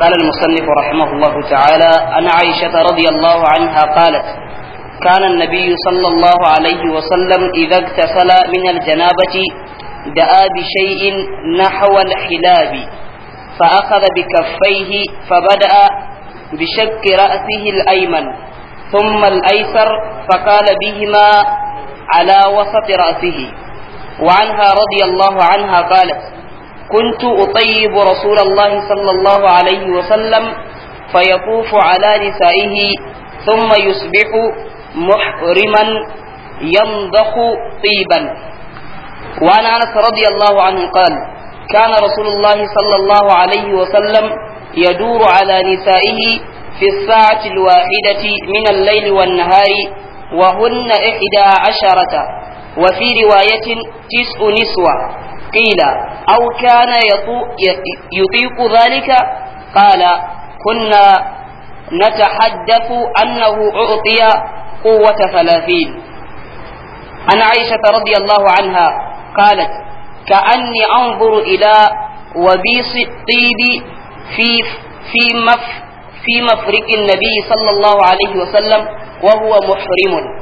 قال المصنف رحمه الله تعالى عن عائشة رضي الله عنها قالت كان النبي صلى الله عليه وسلم إذا اغتسل من الجنابة دعا بشيء نحو الحلاب فأخذ بكفيه فبدأ بشك رأسه الأيمن ثم الأيسر فقال بهما على وسط رأسه وعنها رضي الله عنها قالت كنت أطيب رسول الله صلى الله عليه وسلم فيطوف على نسائه ثم يصبح محرما ينضخ طيبا وعن أنس رضي الله عنه قال كان رسول الله صلى الله عليه وسلم يدور على نسائه في الساعة الواحدة من الليل والنهار وهن إحدى عشرة وفي رواية تسع نسوة قيل أو كان يطيق ذلك قال كنا نتحدث أنه أعطي قوة ثلاثين عن عائشة رضي الله عنها قالت كأني أنظر إلى وبيص الطيب في في مف في مفرق النبي صلى الله عليه وسلم وهو محرم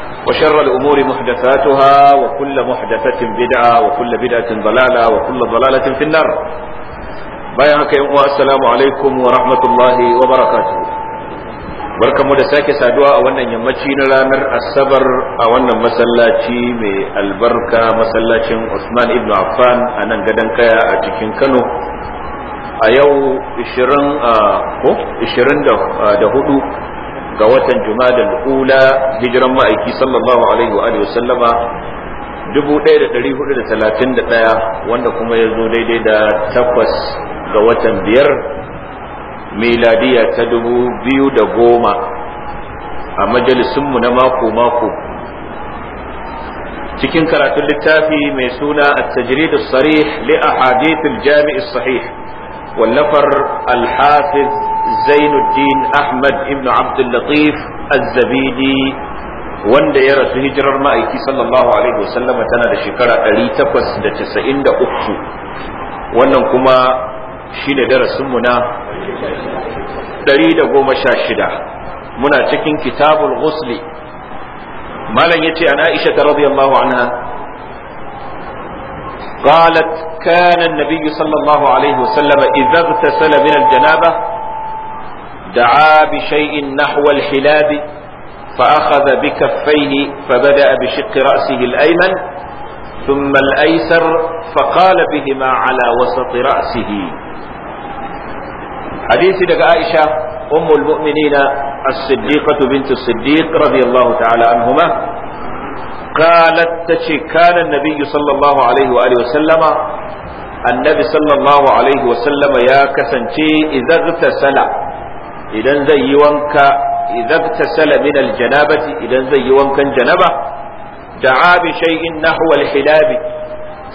وشر الأمور محدثاتها وكل محدثة بدعة وكل بدعة ضلالة وكل ضلالة في النار بيانك يوم السلام عليكم ورحمة الله وبركاته barkamu da sake saduwa a wannan yammaci na ranar asabar a wannan masallaci mai albarka masallacin Usman ibn Affan a nan gadon kaya a cikin Kano a yau 24 ga watan jumadal ula hijiran ma'aiki sallallahu alaihi wa alihi wasallama 1431 wanda kuma ya zo daidai da takwas ga watan biyar miladiya ta dubu biyu da goma a majalisunmu na mako-mako cikin karatun littafi mai suna a tajiridu sarih li a hadithin jami'is sahih wallafar alhafiz zainuddin ahmad ibn abdullatif az-zabidi wanda ya rasu hijirar ma'aiki sallallahu alaihi wasallam tana da shekara 893 wannan kuma shi ne darasinmu na 116 muna cikin kitabul ghusli malam yace an aisha radiyallahu anha قالت كان النبي صلى الله عليه وسلم إذا اغتسل من الجنابة دعا بشيء نحو الحلاب فأخذ بكفيه فبدأ بشق رأسه الأيمن ثم الأيسر فقال بهما على وسط رأسه حديث لك عائشة أم المؤمنين الصديقة بنت الصديق رضي الله تعالى عنهما قالت تشي كان النبي صلى الله عليه وآله وسلم النبي صلى الله عليه وسلم يا كسنتي إذا اغتسل idan zai yi wanka idan tasala aljanabati idan zai yi wankan janaba da'a bi shay'in nahwa alhilabi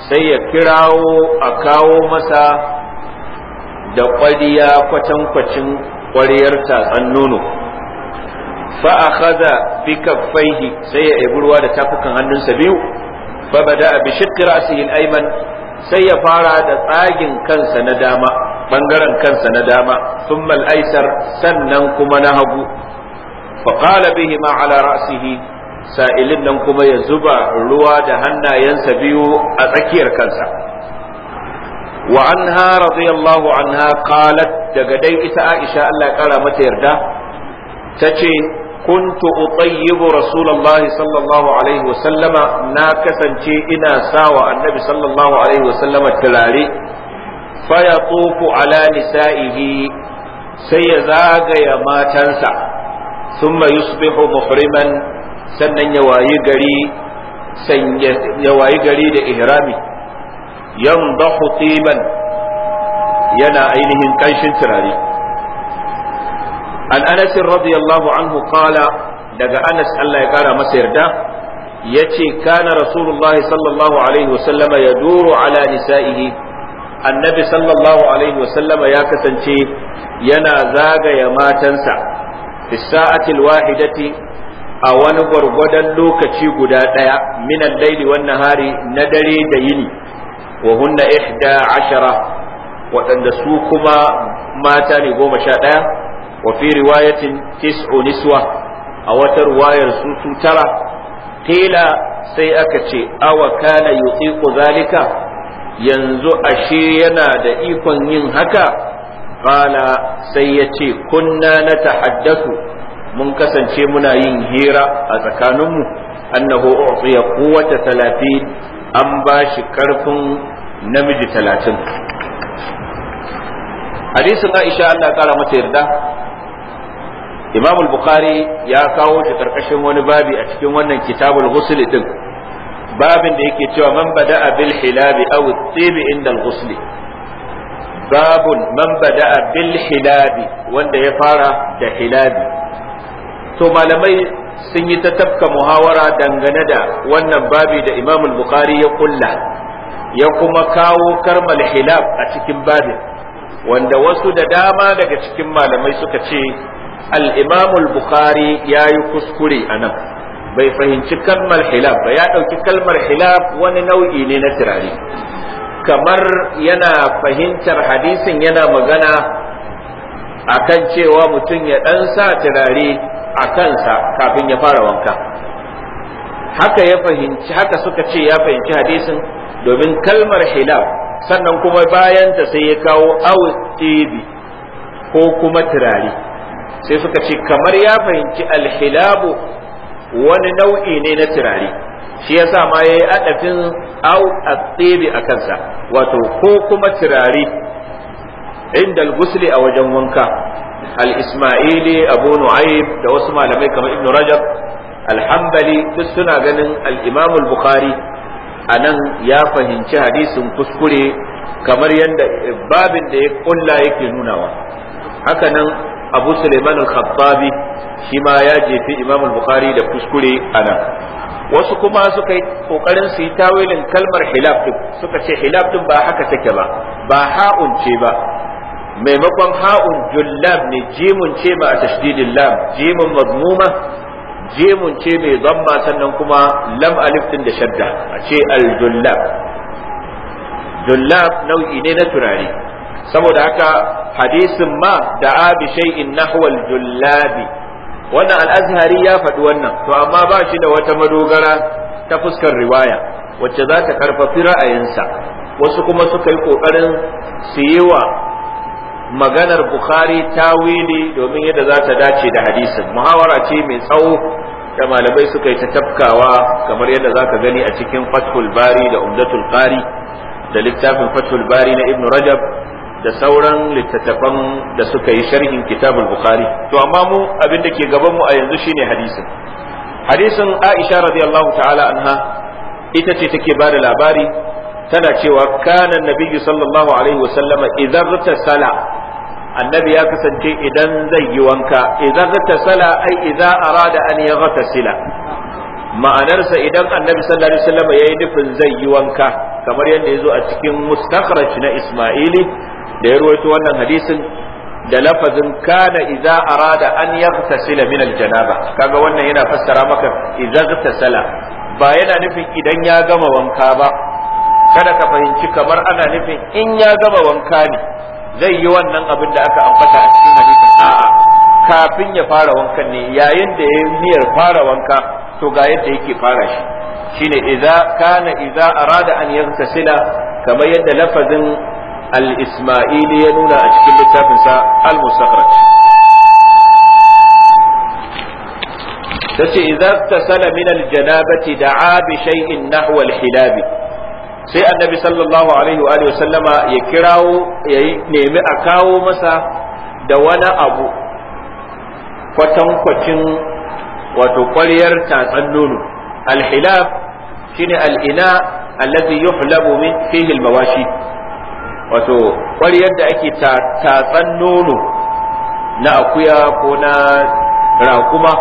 sai ya kirawo a kawo masa da kwariya kwatankwacin kwariyar tatsan nono fa akhadha bi kaffaihi sai ya ebi da tafukan hannunsa biyu fa bada bi shiqqi ra'sihi al-ayman sai ya fara da tsagin kansa na dama bangaren kansa na dama sun mal'aisar sannan kuma na hagu fa qala bihima ala ra'sihi sa'ilin nan kuma ya zuba ruwa da hannayensa biyu a tsakiyar kansa wa anha radiyallahu anha qalat daga dai ita Aisha Allah ya kara mata yarda tace كنت أطيب رسول الله صلى الله عليه na kasance ina sawa annabi النبي alaihi الله عليه fa ya tsofu ala ihi sai ya zagaya matansa thumma yusbihu muhriman sannan ya wayi gari ya wayi gari da ihrami yandahu tiban yana ainihin kanshin turari. an anas radiyallahu anhu qala daga anas Allah ya kara masa yarda ya ce kana rasulullahi sallallahu alaihi wasallama yaduru ala nisa'ihi annabi sallallahu alaihi wasallama ya kasance yana zagaya matansa fisa'atil sa'atil wahidati a wani gwargwadon lokaci guda ɗaya minan laili wannan hari na dare da yini wa hunna ihda ashara waɗanda su kuma mata ne goma sha ɗaya wa fi riwayatin tis'u niswa a wata ruwayar su su tara kila sai aka ce awa kana yutiqu zalika yanzu ashe yana da ikon yin haka kala sai ya ce kunna na tahaddatu mun kasance muna yin hira a tsakaninmu annahu u'tiya quwwata 30 an ba shi karfin namiji talatin. hadisin Aisha Allah kara mata yarda Imam al-Bukhari ya kawo shi karkashin wani babi a cikin wannan kitabul ghusl din babin da yake cewa man bada'a bil hilabi aw tsibi inda al babun man bada'a bil hilabi wanda ya fara da hilabi to malamai sun yi ta tafka muhawara dangane da wannan babi da Imam bukhari ya kulla ya kuma kawo karmal hilab a cikin babin wanda wasu da dama daga cikin malamai suka ce al-Imam al-Bukhari yi kuskure anan bai fahimci kalmar hilaf ba ya ɗauki kalmar hilaf wani nau'i ne na turare kamar yana fahimtar hadisin yana magana akan cewa mutum ya ɗan sa turare a kansa kafin ya fara wanka haka ya fahimci haka suka ce ya fahimci hadisin domin kalmar hilaf sannan kuma bayanta sai ya kawo awtibi ko kuma turare sai suka ce kamar ya fahimci alhilabu wani nau'i ne na turare shi yasa ma yayi adafin au tsebe a kansa wato ko kuma turare inda gusli a wajen wanka al-isma'ili abu nu'aib da wasu malamai kamar ibnu rajab alhambali duk suna ganin al-imam al-bukhari anan ya fahimci hadisin kuskure kamar yadda babin da ya kulla yake nunawa haka nan abu suleiman al-khattabi shi ma ya jefi imam al-bukhari da kuskure ana wasu kuma suka yi kokarin su yi tawilin kalmar hilaf din suka ce hilaf din ba haka take ba ba ha'un ce ba maimakon ha'un jullab ne jimun ce ba a tashdidin lam jimun mazmuma jimun ce mai zamma sannan kuma lam alif din da shadda a ce al-jullab jullab nau'i ne na turare saboda haka hadisin ma da abi shay'in nahwal jullabi wannan al-azhari ya faɗi wannan to amma ba shi da wata madogara ta fuskar riwaya wacce za ta karfafi ra'ayinsa wasu kuma suka yi kokarin su yi wa maganar bukhari tawili domin yadda za ta dace da hadisin muhawara ce mai tsawo da malamai suka yi ta tafkawa kamar yadda za ka gani a cikin fathul bari da umdatul qari da littafin fathul bari na ibnu rajab da sauran littattafan da suka yi sharhin kitabul bukhari to amma mu abin da ke gaban mu a yanzu shine hadisin hadisin aisha radiyallahu ta'ala anha ita ce take ba da labari tana cewa kana nabiyyu sallallahu alaihi wa sallama idan annabi ya kasance idan zai yi wanka idan sala ai idan arada an yaghtasila ma'anarsa idan annabi sallallahu alaihi wasallam yayi nufin zai yi wanka kamar yadda yazo a cikin mustakhraj na Isma'ili da ya ruwaito wannan hadisin da lafazin kana idza arada an yaghtasila min aljanaba kaga wannan yana fassara maka idza ghtasala ba yana nufin idan ya gama wanka ba kada ka fahimci kamar ana nufin in ya gama wanka ne zai yi wannan abin da aka ambata a cikin hadisin a'a kafin ya fara wankan ne yayin da ya niyyar fara wanka to ga yadda yake fara shi shine idza kana idza arada an yaghtasila kamar yadda lafazin al-isma'ili ya nuna a cikin littafin sa al-mustakhraj tace idza tasala min al-janabati da'a bi shay'in nahwa al-hilabi sai annabi sallallahu alaihi wa alihi sallama ya kirawo ya nemi a kawo masa da wani abu kwatankwacin wato ƙwaryar tatsan nono alhilaf shine al'ina allazi yuhlabu min fihi almawashi wato ƙwaryar da ake tatsan nono na akuya ko na rakuma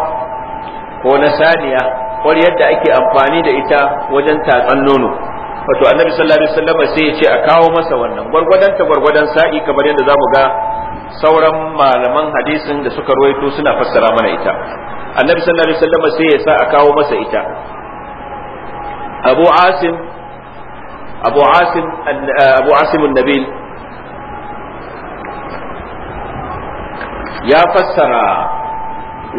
ko na saniya ƙwaryar da ake amfani da ita wajen tatsan nono wato annabi sallallahu alaihi wasallam sai ya ce a kawo masa wannan gwargwadon ta gwargwadon sa'i kamar yadda zamu ga sauran malaman hadisin da suka ruwaito suna fassara mana ita annabi sallallahu alaihi wasallam sai ya sa a kawo masa ita abu asim abu asim eh, abu asim nabil ya fassara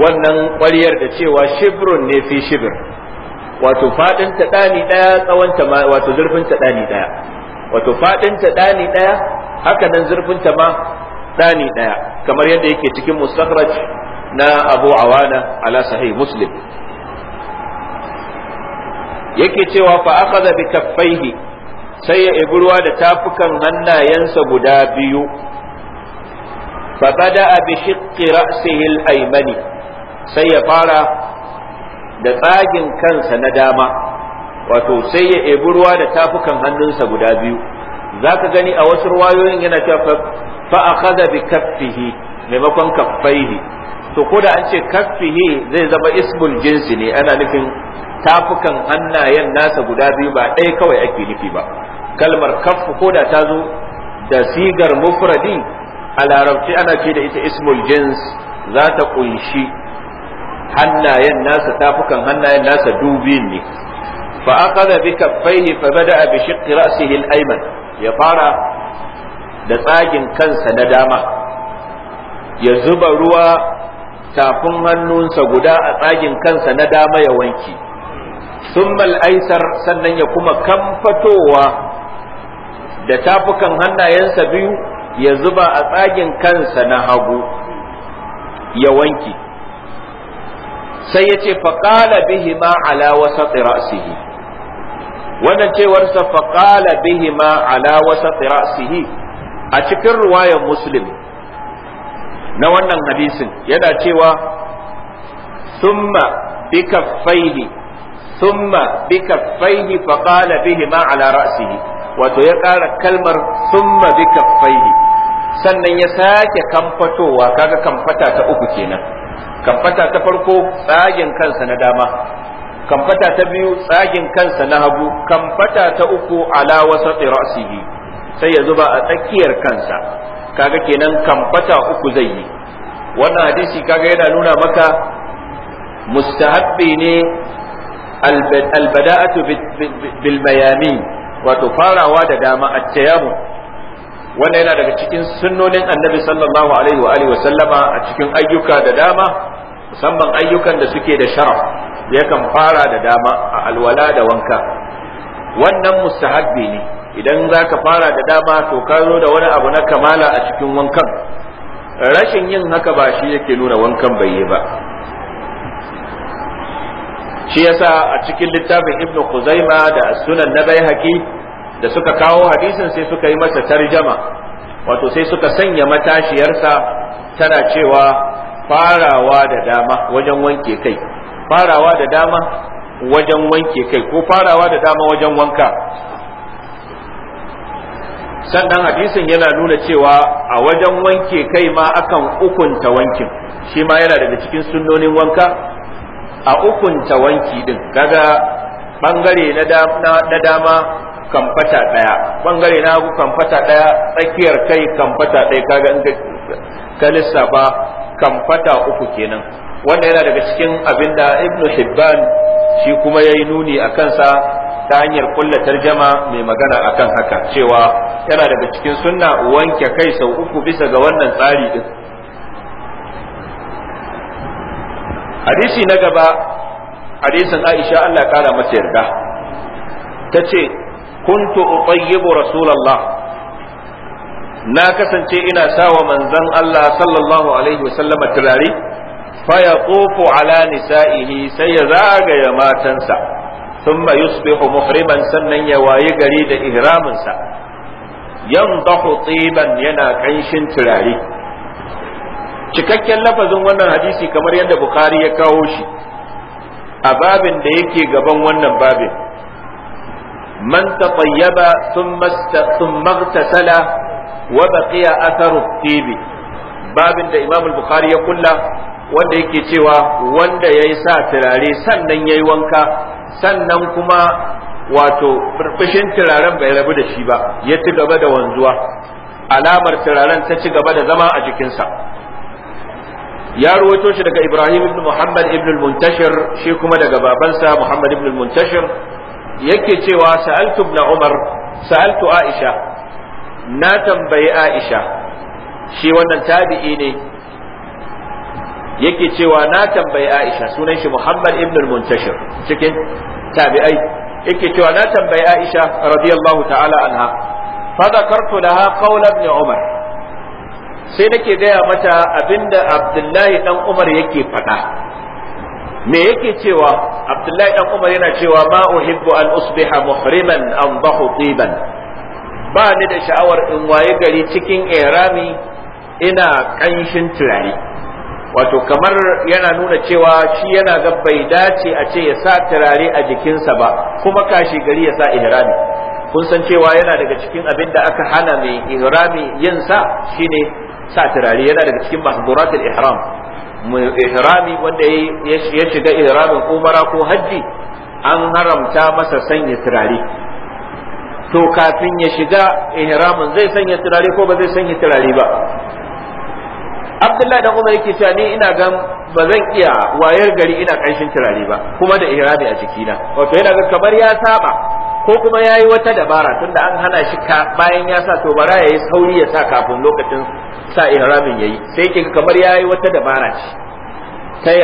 wannan ƙwariyar da cewa shibrun ne fi shibir wato fadin ta dani ɗaya, tsawon ta wato zurfin ta dani ɗaya. wato fadin ta dani ɗaya, haka nan zurfin ta ma dani daya kamar yadda yake cikin mustakhraj na abu awana ala sahih muslim yake cewa fa akhadha bi kaffaihi sai ya ebi ruwa da tafukan hannayensa guda biyu fa bada'a bi shiqqi ra'sihi al-aymani sai ya fara da tsagin kansa na dama wato sai ya ebi ruwa da tafukan hannunsa guda biyu zaka gani a wasu ruwayoyin yana cewa fa akhadha bi kaffihi maimakon kaffaihi to ko da an ce kaffihi zai zama ismul jinsi ne ana nufin tafukan hannayen nasa guda biyu ba ɗaya kawai ake nufi ba kalmar kaffu ko da ta zo da sigar mufradi a larabci ana ce da ita ismul jins za ta kunshi hannayen nasa tafukan hannayen nasa dubi ne fa aqada bi kaffaihi fa bada'a bi shiqqi ra'sihi al-ayman ya fara da tsagin kansa na dama ya zuba ruwa tafin hannunsa guda a tsagin kansa na dama ya wanke sun mal'aisar sannan ya kuma kamfatowa da tafukan hannayensa biyu ya zuba a tsagin kansa na hagu ya wanke sai ya ce faƙala bihi ma ala wasa ra'sihi wannan cewarsa faƙala bihi ma ala wasa ra'sihi a cikin ruwayar muslim na wannan hadisin yana cewa summa bika-faili, summa bikaffaihi fa qala bihima ala ra'sihi wato ya ƙara kalmar summa bika-faili, sannan ya sake kamfatowa kaga kamfata ta uku kenan kamfata ta farko tsagin kansa na dama kamfata ta biyu tsagin kansa na hagu kamfata ta uku ala wasati ra'sihi sai ya zuba a tsakiyar kansa kaga kenan kamfata uku zai yi wannan hadisi kaga yana nuna maka mustahabbi ne albada'atu bil bayani wato farawa da dama a tayammum wannan yana daga cikin sunnonin annabi sallallahu alaihi wa alihi wa sallama a cikin ayyuka da dama musamman ayyukan da suke da sharaf yakan fara da dama a alwala da wanka wannan mustahabbi ne idan za ka fara da dama to ka zo da wani abu na kamala a cikin wankan rashin yin haka ba shi yake nuna wankan bai yi ba shi yasa a cikin littafin ibnu kuzaima da sunan na bai da suka kawo hadisin sai suka yi masa tarjama wato sai suka sanya matashiyarsa tana cewa farawa da dama wajen wanke kai farawa da dama wajen wanke kai ko farawa da dama wajen wanka sannan hadisin yana nuna cewa a wajen wanke kai ma akan ukunta wankin shi ma yana daga cikin sunnonin wanka a ukunta wanki din kaga bangare na dama kamfata daya bangare na hagu kamfata daya tsakiyar kai kamfata daya kaga in ka lissafa kamfata uku kenan wanda yana daga cikin abinda ibnu hibban shi kuma yayi nuni a kansa ta hanyar kulla tarjama mai magana akan haka cewa yana daga cikin sunna wanke kai sau uku bisa ga wannan tsari din hadisi na gaba hadisin Aisha Allah ya kara mata yarda tace kuntu utayyibu rasulullah na kasance ina sawa manzon Allah sallallahu alaihi wasallam turare fa yaqufu ala nisa'ihi sai ya zagaya matansa ثم يصبح محرما sannan ya wayi gari da ينضح طيبا ينا yana تراري turare cikakken lafazin wannan hadisi kamar yadda bukhari ya kawo shi a babin da yake gaban wannan babin man tatayyaba thumma ightasala wa baqiya atharu tibi babin da imamul bukhari ya kulla wanda yake cewa wanda yayi sa turare sannan yayi wanka sannan kuma wato burbushin turaren bai rabu da shi ba ya ci gaba da wanzuwa alamar turaren ta ci gaba da zama a jikinsa ya ruwaito shi daga Ibrahim ibn Muhammad ibn muntashir shi kuma daga babansa Muhammad ibn muntashir yake cewa sa'altu ibn Umar sa'altu Aisha na tambayi Aisha shi wannan tabi'i ne yake cewa na tambayi Aisha sunan shi Muhammad ibn al-Muntashir cikin tabi'ai yake cewa na tambayi Aisha radiyallahu ta'ala anha fa zakartu laha qawla ibn Umar sai nake gaya mata abinda Abdullahi dan Umar yake faɗa me yake cewa Abdullahi dan Umar yana cewa ma uhibbu an usbiha muhriman an tiban ba ni da sha'awar in waye gari cikin irami ina kanshin turare wato kamar yana nuna cewa shi yana ga bai dace a ce ya sa turare a jikinsa ba kuma kashi gari ya sa ihrami kun san cewa yana daga cikin abin da aka hana mai ihrami yin sa shine sa turare yana daga cikin mahduratul ihram ihrami wanda ya shiga ihramin umara ko hajji an haramta masa sanya turare to kafin ya shiga ihramin zai sanya turare ko ba zai sanya turare ba abdullahi dan umar yake cewa ni ina gan ba zan iya wayar gari ina kanshin turare ba kuma da ihrami a jikina wato yana ga kamar ya saba ko kuma ya yi wata dabara tunda an hana shi ka bayan ya sa to bara ya yi sauri ya sa kafin lokacin sa ihramin ya yi sai kiga kamar ya yi wata dabara ce ta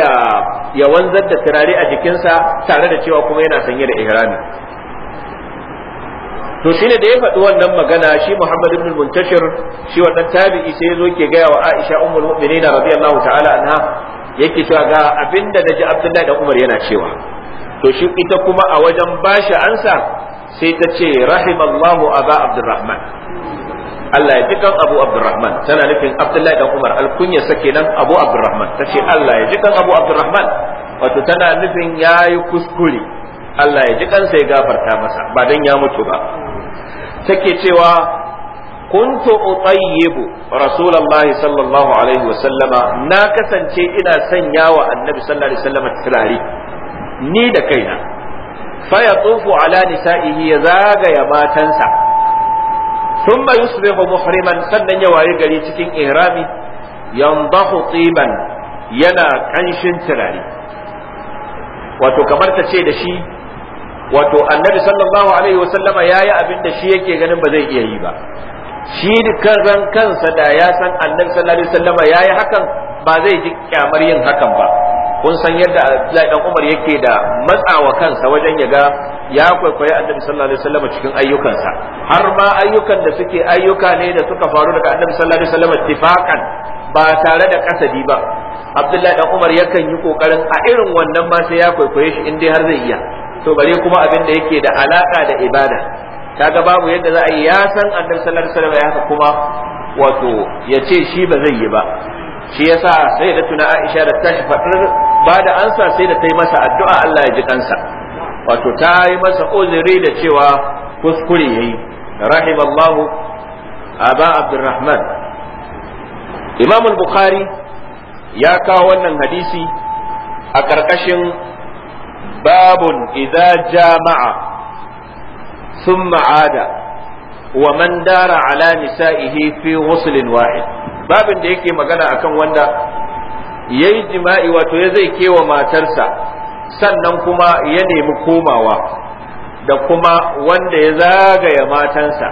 ya wanzar da turare a jikinsa tare da cewa kuma yana sanye da ihrami to shi ne da ya faɗi wannan magana shi Muhammad ibn Muntashir shi wannan tabi'i sai ya zo ke gaya wa Aisha ummul mu'minin radiyallahu ta'ala anha yake cewa ga abinda naji Abdullahi da Umar yana cewa to shi ita kuma a wajen bashi ansa sai ta ce rahimallahu aba Abdurrahman Allah ya ji kan Abu Abdurrahman tana nufin Abdullahi dan Umar alkunya sake nan Abu Abdurrahman tace Allah ya ji kan Abu Abdurrahman wato tana nufin yayi kuskure Allah ya ji kansa ya gafarta masa ba dan ya mutu ba take cewa kuntu utayyibu rasulullah sallallahu alaihi wa sallama na kasance ina sanya wa annabi sallallahu alaihi wasallam turare ni da kaina fa ya tufu ala nisa'ihi ya zagaya matansa thumma yusbihu muhriman sannan ya waye gari cikin ihrami yandahu tsiban yana kanshin turare wato kamar ta ce da shi wato annabi sallallahu alaihi wa ya yi abin da shi yake ganin ba zai iya yi ba shi kan ran kansa da ya san annabi sallallahu alaihi wa ya yi hakan ba zai ji kyamar yin hakan ba kun san yadda Abdullahi dan Umar yake da matsawa kansa wajen ya ga ya kwaikwayi annabi sallallahu alaihi cikin ayyukansa har ma ayyukan da suke ayyuka ne da suka faru daga annabi sallallahu alaihi wasallama tifakan ba tare da kasadi ba Abdullahi dan Umar yakan yi kokarin a irin wannan ma sai ya kwaikwaye shi in dai har zai iya to bare kuma abin da yake da alaka da ibada kaga babu yadda za a yi ya san annabi sallallahu alaihi wasallam ya haka kuma wato ya ce shi ba zai yi ba shi yasa sai da tuna Aisha da tashi fadar ba da ansa sai da ta yi masa addu'a Allah ya ji kansa wato ta yi masa uzuri da cewa kuskure yayi rahimallahu aba abdurrahman imam al-bukhari ya kawo wannan hadisi a karkashin babun idza jama'a thumma ada wa man dara ala nisa'ihi fi ghuslin wahid babin da yake magana akan wanda yayi jima'i wato ya zai kewa matarsa sannan kuma ya nemi komawa da kuma wanda ya zagaya matansa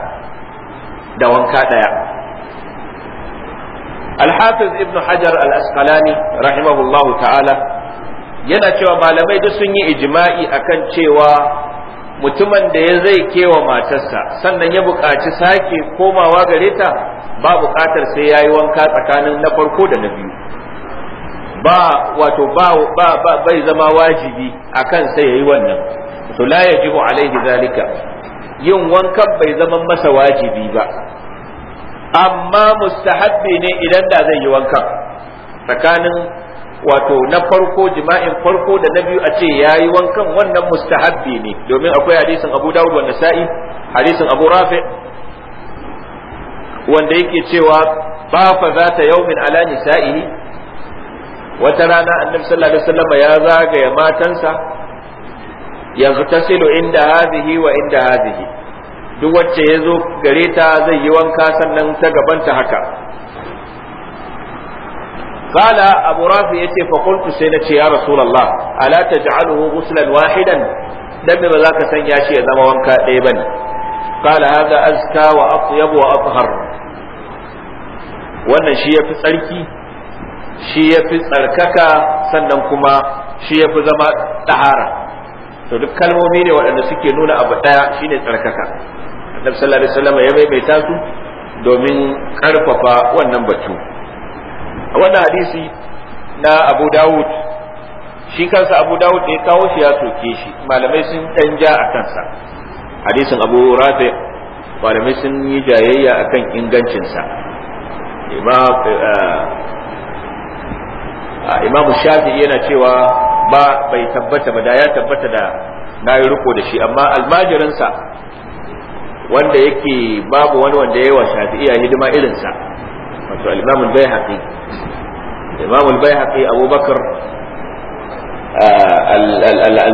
da wanka daya الحافظ ibnu hajar al رحمه rahimahullahu ta'ala. yana cewa malamai duk sun yi ijma'i akan cewa mutumin da ya zai kewa matarsa sannan ya buƙaci sake komawa gare ta ba buƙatar sai ya yi wanka tsakanin na farko da na biyu ba wato ba ba bai zama wajibi akan sai ya yi wannan to la yajibu alaihi zalika yin wankan bai zama masa wajibi ba amma mustahabbi ne idan da zai yi wankan tsakanin wato na farko jima'in farko da na biyu a ce yayi wankan wannan mustahabbi ne domin akwai hadisin Abu Dawud wa Nasa'i hadisin Abu Rafi wanda yake cewa ba fa zata yaumin ala nisa'ihi wata rana annabi sallallahu alaihi wasallam ya zagaya matansa silo inda hazihi wa inda hazihi duk wacce yazo gare ta zai yi wanka sannan ta gabanta haka qala abu rafi yace fa qultu na ce, ya Rasulallah, ala taj'aluhu ghuslan wahidan dan ba za ka sanya shi ya zama wanka ɗaya bane qala hadha azka wa atyab wa athhar wannan shi yafi tsarki shi yafi tsarkaka sannan kuma shi yafi zama tahara to duk kalmomi ne waɗanda suke nuna abu ɗaya shine tsarkaka annabi sallallahu alaihi wasallam ya maimaita su domin karfafa wannan batu wannan hadisi na abu dawud shi kansa abu dawud da ya kawo shi ya soke shi malamai sun dan ja a kansa hadisin abu rafi malamai sun yi jayayya akan ingancinsa eh, eh, imam shafi yana cewa ba bai tabbata ba da ya tabbata da na yi riko da shi amma almajirinsa wanda yake babu wani wanda ya yi wa iya hidima irinsa wato al-imamul bai haƙi imam al-baihaqi abubakar uh, al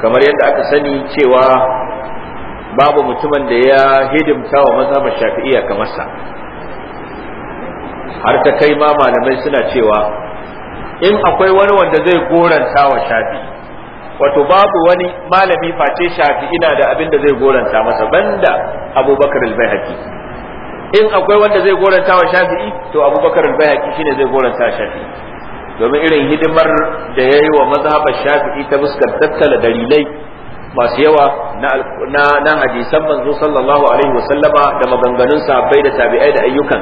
kamar yadda aka sani cewa babu mutumin da ya hidimta wa mazhabar shafi'iyya kamar sa har ta kai ma malamai suna cewa in akwai wani wanda zai goranta wa shafi wato babu wani malami face shafi ina da abin da zai goranta masa banda abubakar al-baihaqi in akwai wanda zai goranta wa shafi'i to abubakar al shine zai goranta shafi'i domin irin hidimar da ya yi wa mazhabar shafi'i ta fuskar tattala dalilai masu yawa na hadisan manzo sallallahu alaihi sallama da maganganun sahabbai da tabi'ai da ayyukan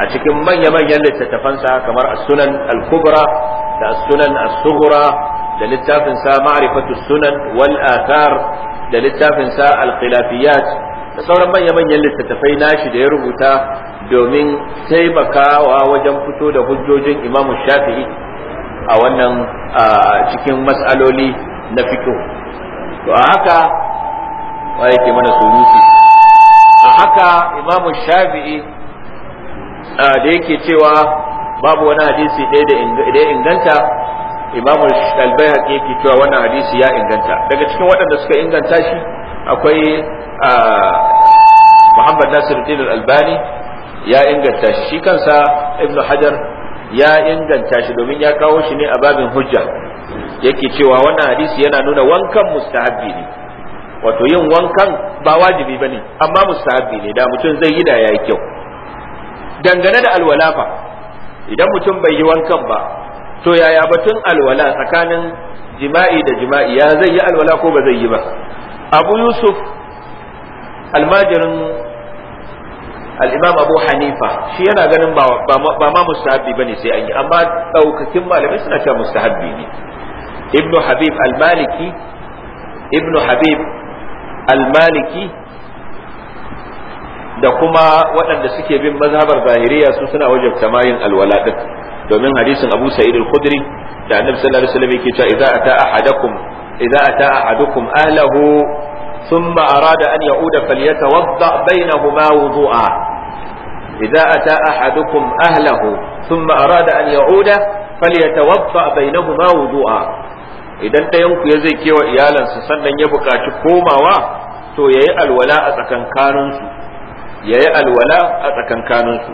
a cikin manya-manyan littattafansa kamar as-sunan al-kubra da as-sunan as-sughra da littafin sa ma'rifatu sunan wal athar da littafin sa al-khilafiyat da sauran manya-manyan littattafai nashi da ya rubuta domin taimakawa wajen fito da hujjojin imamu shafi'i a wannan cikin matsaloli na fito to a haka wa yake mana sunusi a haka imamu shafi'i da yake cewa babu wani hadisi da da inganta imamu albayhaq yake cewa wannan hadisi ya inganta daga cikin waɗanda suka inganta shi akwai muhammad nasir al-albani ya inganta shi kansa ibnu hajar ya inganta shi domin ya kawo shi ne a babin hujja yake cewa wannan hadisi yana nuna wankan mustahabbi ne wato yin wankan ba wajibi ba ne amma mustahabbi ne da mutum zai yi da ya yi kyau dangane da alwalafa idan mutum bai yi wankan ba to yaya batun alwala tsakanin jima'i da jima'i ya zai yi alwala ko ba zai yi ba abu yusuf almajirin al'imam abu hanifa shi yana ganin ba ma mustahabbi ba ne sai an yi amma ɗaukakin malamai suna cewa mustahabbi ne ibnu habib al-maliki ibnu habib al-maliki da kuma waɗanda suke bin mazhabar zahiriya su suna wajen tamayin alwala din domin hadisin abu sa'id al-khudri da annabi sallallahu alaihi wasallam yake cewa idza ata ahadakum idza ata ahadukum ahlahu thumma arada an ya'uda falyatawadda bainahuma wudu'a idza ata ahadukum ahlahu thumma arada an ya'uda falyatawadda bainahuma wudu'a idan ɗayan ku ya zai kewa iyalansa sannan ya buƙaci komawa to yi alwala a tsakankaninsu yayi alwala a tsakankaninsu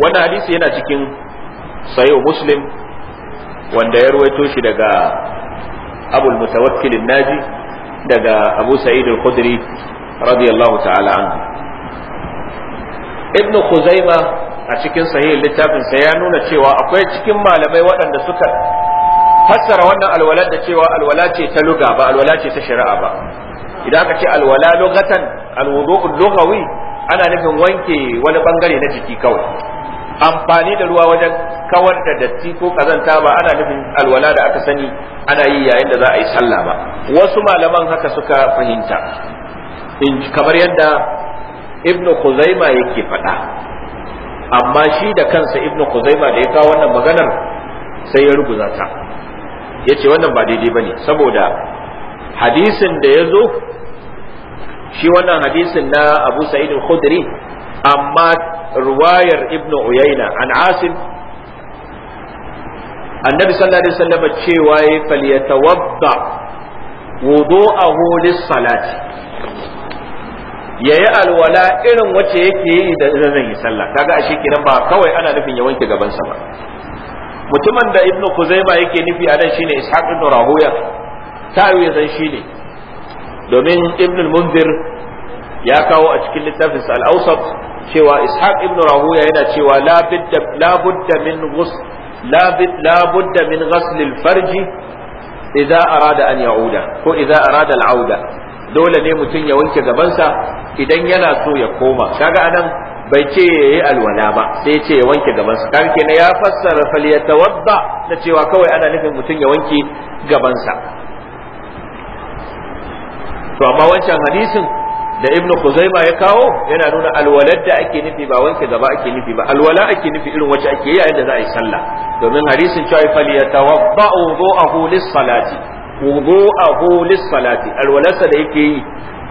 wannan hadisi yana cikin sayo muslim wanda ya ruwaito shi daga abul mutawakkil naji daga abu sa'id al-khudri radiyallahu ta'ala anhu ibn khuzaima a cikin sahih littafinsa ya nuna cewa akwai cikin malamai waɗanda suka fassara wannan alwala da cewa alwala ce ta luga ba alwala ce ta shari'a ba idan aka ce alwala lugatan alwudu'ul lugawi ana nufin wanke wani bangare na jiki kawai amfani da ruwa wajen kawar da datti ko kazanta ba ana nufin alwala da aka sani ana yi yayin da za a yi sallah ba wasu malaman haka suka fahimta kamar yadda ibnu kuzaima yake faɗa amma shi da kansa ibnu Kuzaima da ya kawo wannan maganar sai ya ruguza ta yace wannan ba daidai bane saboda hadisin da ya zo shi wannan hadisin na Abu Sa'id al-Khudri amma ruwayar ibnu Uyayna an Asim annabi sallallahu alaihi wasallam cewa yayi falyatawadda a lis-salati yayi alwala irin wacce yake yi da zan yi sallah kaga ashe kenan ba kawai ana nufin ya wanke gaban sa ba mutumin da ibnu kuzaima yake nufi a nan shine ishaq ibn rahuya tayu ya zan shine domin ibn munzir ya kawo a cikin littafin sa al-awsat cewa ishaq ibn rahuya yana cewa la budda la budda min ghusl la budda min ghasl al-farj arada an ya'uda ko idza arada la'auda? dole ne mutum ya wanke gabansa idan yana so ya koma kaga anan bai ce yayi alwala ba sai ce ya wanke gabansa kaga kenan ya fassara falyatawadda da cewa kawai ana nufin mutum ya wanke gabansa to amma wancan hadisin da ibnu kuzaima ya kawo yana nuna alwalad da ake nufi ba wanke gaba ake nufi ba alwala ake nufi irin wacce ake yi yayin da za a yi sallah domin hadisin cewa fal yatawadda'u wudu'ahu lis-salati wudu'ahu lis-salati alwalarsa da yake yi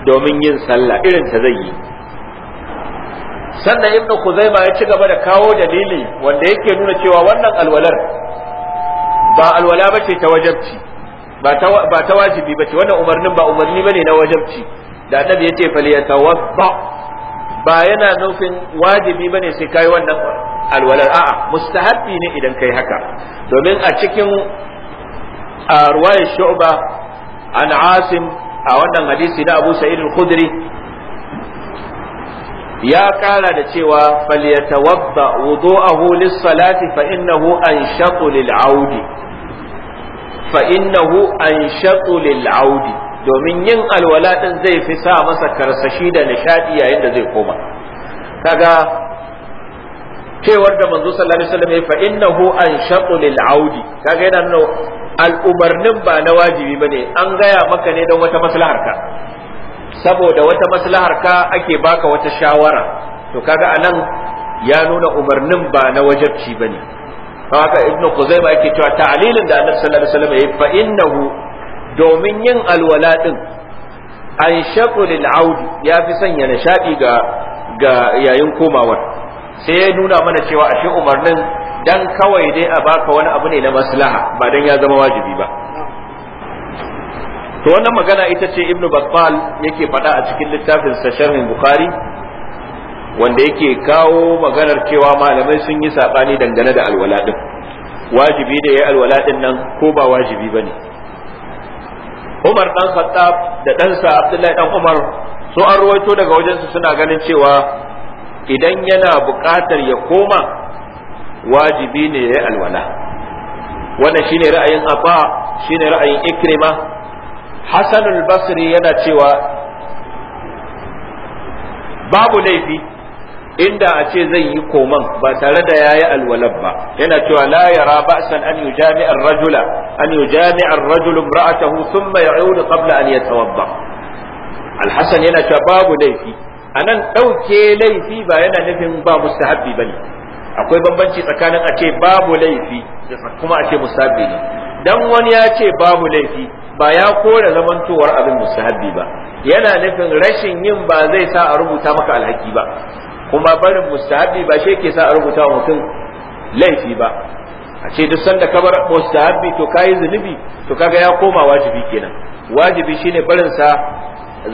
domin yin sallah irin ta zai yi sannan ibnu kuzaima ya ci gaba da kawo dalili wanda yake nuna cewa wannan alwalar ba alwala bace ta wajabci ba ta wajibi bace wannan umarnin ba umarni bane na wajabci da annabi ya ce falyatawabba ba yana nufin wajibi bane sai kai wannan alwalar a'a mustahabbi ne idan kai haka domin a cikin ruwayar shu'ba an asim a wannan hadisi na abu sa'id al-khudri ya kara da cewa falyatawabba wudu'ahu lis-salati fa innahu anshaqu lil-audi fa innahu anshaqu lil-audi domin yin alwala din zai fi sa masa karsashi da nishadi yayin da zai koma kaga cewar da manzo sallallahu alaihi wasallam ya fa innahu anshaqu lil audi kaga yana nuna al'umarnin ba na wajibi bane an gaya maka ne don wata maslahar ka saboda wata maslahar ka ake baka wata shawara to kaga anan ya nuna umarnin ba na wajibci bane haka ibnu kuzaima yake cewa ta'lilin da annabi sallallahu alaihi wasallam ya fa innahu domin yin alwala ɗin, an shaqulil aud ya fi sanya nishaɗi ga ga yayin komawar sai ya nuna mana cewa ashe umarnin dan kawai dai a baka wani abu ne na maslaha ba dan ya zama wajibi ba to wannan magana ita ce ibnu battal yake faɗa a cikin littafin sa sharhin bukhari wanda yake kawo maganar cewa malamai sun yi saɓani dangane da alwala ɗin wajibi da ya alwala ɗin nan ko ba wajibi ba ne Umar dan Khattab da ɗansa Abdullahi Ɗan Umar su an ruwaito daga wajensu suna ganin cewa idan yana buƙatar ya koma wajibi ne ya yi alwala wannan shine ra'ayin Abba shine ra'ayin Ikrima Hassan al-Basri yana cewa babu laifi inda a ce zai yi koman ba tare da yayi alwalab ba yana cewa la yara ba'san an yujami'a ar-rajula an yujami'a ar-rajulu imra'atahu thumma ya'udu qabla an yatawadda al-hasan yana cewa babu laifi anan ɗauke laifi ba yana nufin ba mustahabbi bane akwai bambanci tsakanin a ce babu laifi da kuma a ce mustahabbi ne dan wani ya ce babu laifi ba ya kore zamantowar abin mustahabbi ba yana nufin rashin yin ba zai sa a rubuta maka alhaki ba kuma barin mustahabi ba shi ke sa a rubuta wa mutum laifi ba a ce duk sanda ka bar mustahabi to kayi zunubi to kaga ya koma wajibi kenan wajibi shine barin sa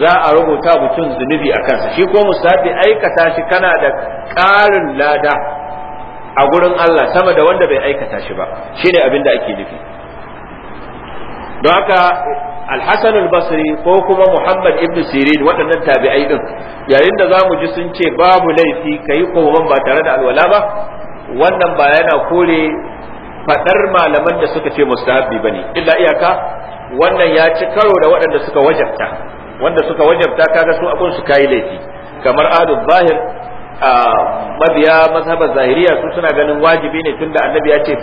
za a rubuta mutum zunubi a kansa shi ko mustahabi aikata shi kana da ƙarin lada a gurin Allah sama da wanda bai aikata shi ba shine abin da ake nufi don haka al basri ko kuma muhammad ibn sirin waɗannan tabi'ai din yayin da zamu ji sun ce babu laifi kai kowan ba tare da alwala ba wannan ba yana kore fadar malaman da suka ce mustahabbi bane illa iyaka wannan ya ci karo da waɗanda suka wajabta wanda suka wajabta kaga su akun su kai laifi kamar adu zahir mabiya mazhabar zahiriya su suna ganin wajibi ne tunda annabi ya ce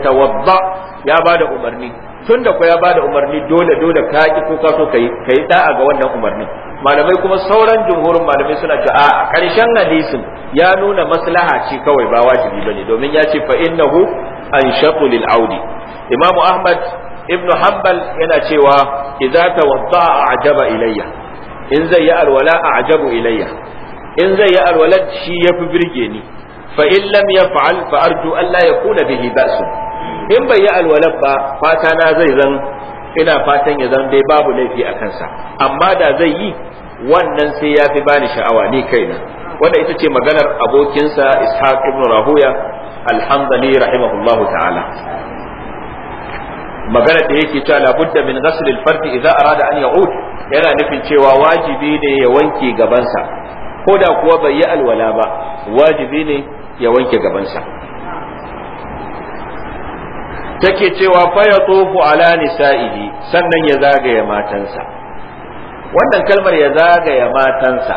tawabba ya bada umarni tunda ko ya bada umarni dole dole ka ki ko ka so kai da'a ga wannan umarni malamai kuma sauran jumhurin malamai suna cewa a karshen hadisin ya nuna maslaha ce kawai ba wajibi bane domin ya ce fa innahu anshaqu lil audi imamu ahmad ibn hanbal yana cewa idza tawadda'a ajaba ilayya in zai yi alwala ajabu ilayya in zai yi alwala shi yafi birge ni fa in lam yaf'al fa arju an la yakuna bihi ba'sun in bai yi alwalar ba fata na zai zan ina fatan ya zan dai babu laifi a kansa amma da zai yi wannan sai ya fi bani sha'awa ni kaina wanda ita ce maganar abokinsa ishaq ibn rahuya alhamdali rahimahullah ta'ala magana da yake cewa labudda min ghasl al-fard idza arada an ya'ud yana nufin cewa wajibi ne ya wanke gabansa ko da kuwa bai yi alwala ba wajibi ne ya wanke gabansa take cewa fa ya tofu ala nisa'ihi sannan ya zagaya matansa wannan kalmar ya zagaya matansa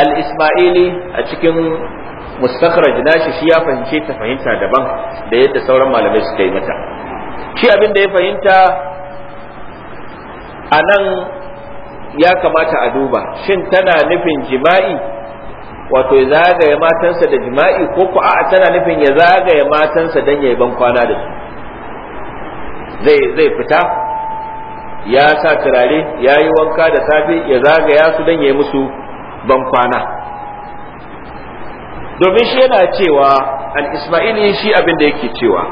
al-isma'ili a cikin mustakhraj nashi shi ya fahimce ta fahimta daban da yadda sauran malamai suka yi mata shi abin da ya fahimta a nan ya kamata a duba shin tana nufin jima'i wato ya zagaya matansa da jima'i ko ku a tana nufin ya zagaya matansa don ya yi ban kwana da su zai fita ya sa turare ya yi wanka da safe ya zagaya su don ya yi musu ban kwana domin shi yana cewa al-ismaili shi abin da yake cewa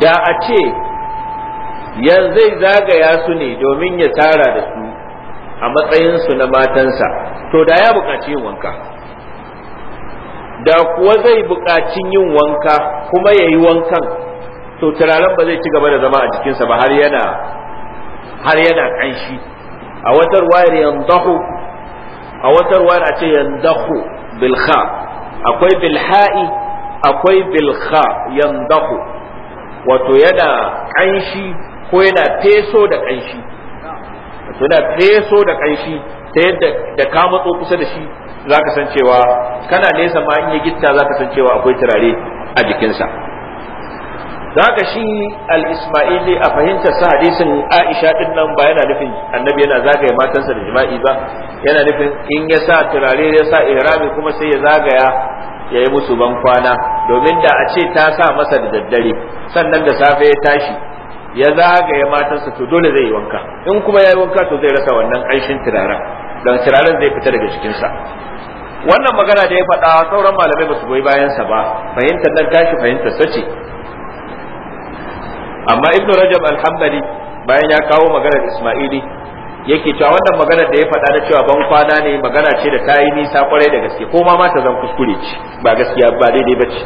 da a ce yanzu zai zagaya su ne domin ya tara da su a matsayinsu na matansa to da ya buƙaci yin wanka da kuwa zai buƙacin yin wanka kuma ya yi wankan to turaren ba zai ci gaba da zama a jikinsa ba har yana har yana kanshi a watar wayar yandahu a watar wayar a ce yandahu bilha akwai bilha'i akwai bilha yandahu wato yana kanshi ko yana feso da kanshi wato yana feso da kanshi ta yadda da ka matso kusa da shi za ka san cewa kana nesa ma in ya gitta za ka san cewa akwai turare a jikinsa da haka shi al-isma'ili a fahimtar sa hadisin aisha din nan ba yana nufin annabi yana zagaya matansa da jima'i ba yana nufin in ya sa turare ya sa ihrami kuma sai ya zagaya ya yi musu ban kwana domin da a ce ta sa masa da daddare sannan da safe ya tashi ya zagaya matansa to dole zai yi wanka in kuma ya yi wanka to zai rasa wannan aishin turaren don turaren zai fita daga sa wannan magana da ya faɗa sauran malamai ba su goyi bayansa ba fahimtar nan tashi fahimtar sace amma ibnu rajab al bayan ya kawo maganar isma'ili yake cewa wannan maganar da ya faɗa na cewa ban kwana ne magana ce da ta yi nisa kwarai da gaske ko ma ta zan kuskure ce ba gaskiya ba daidai ba ce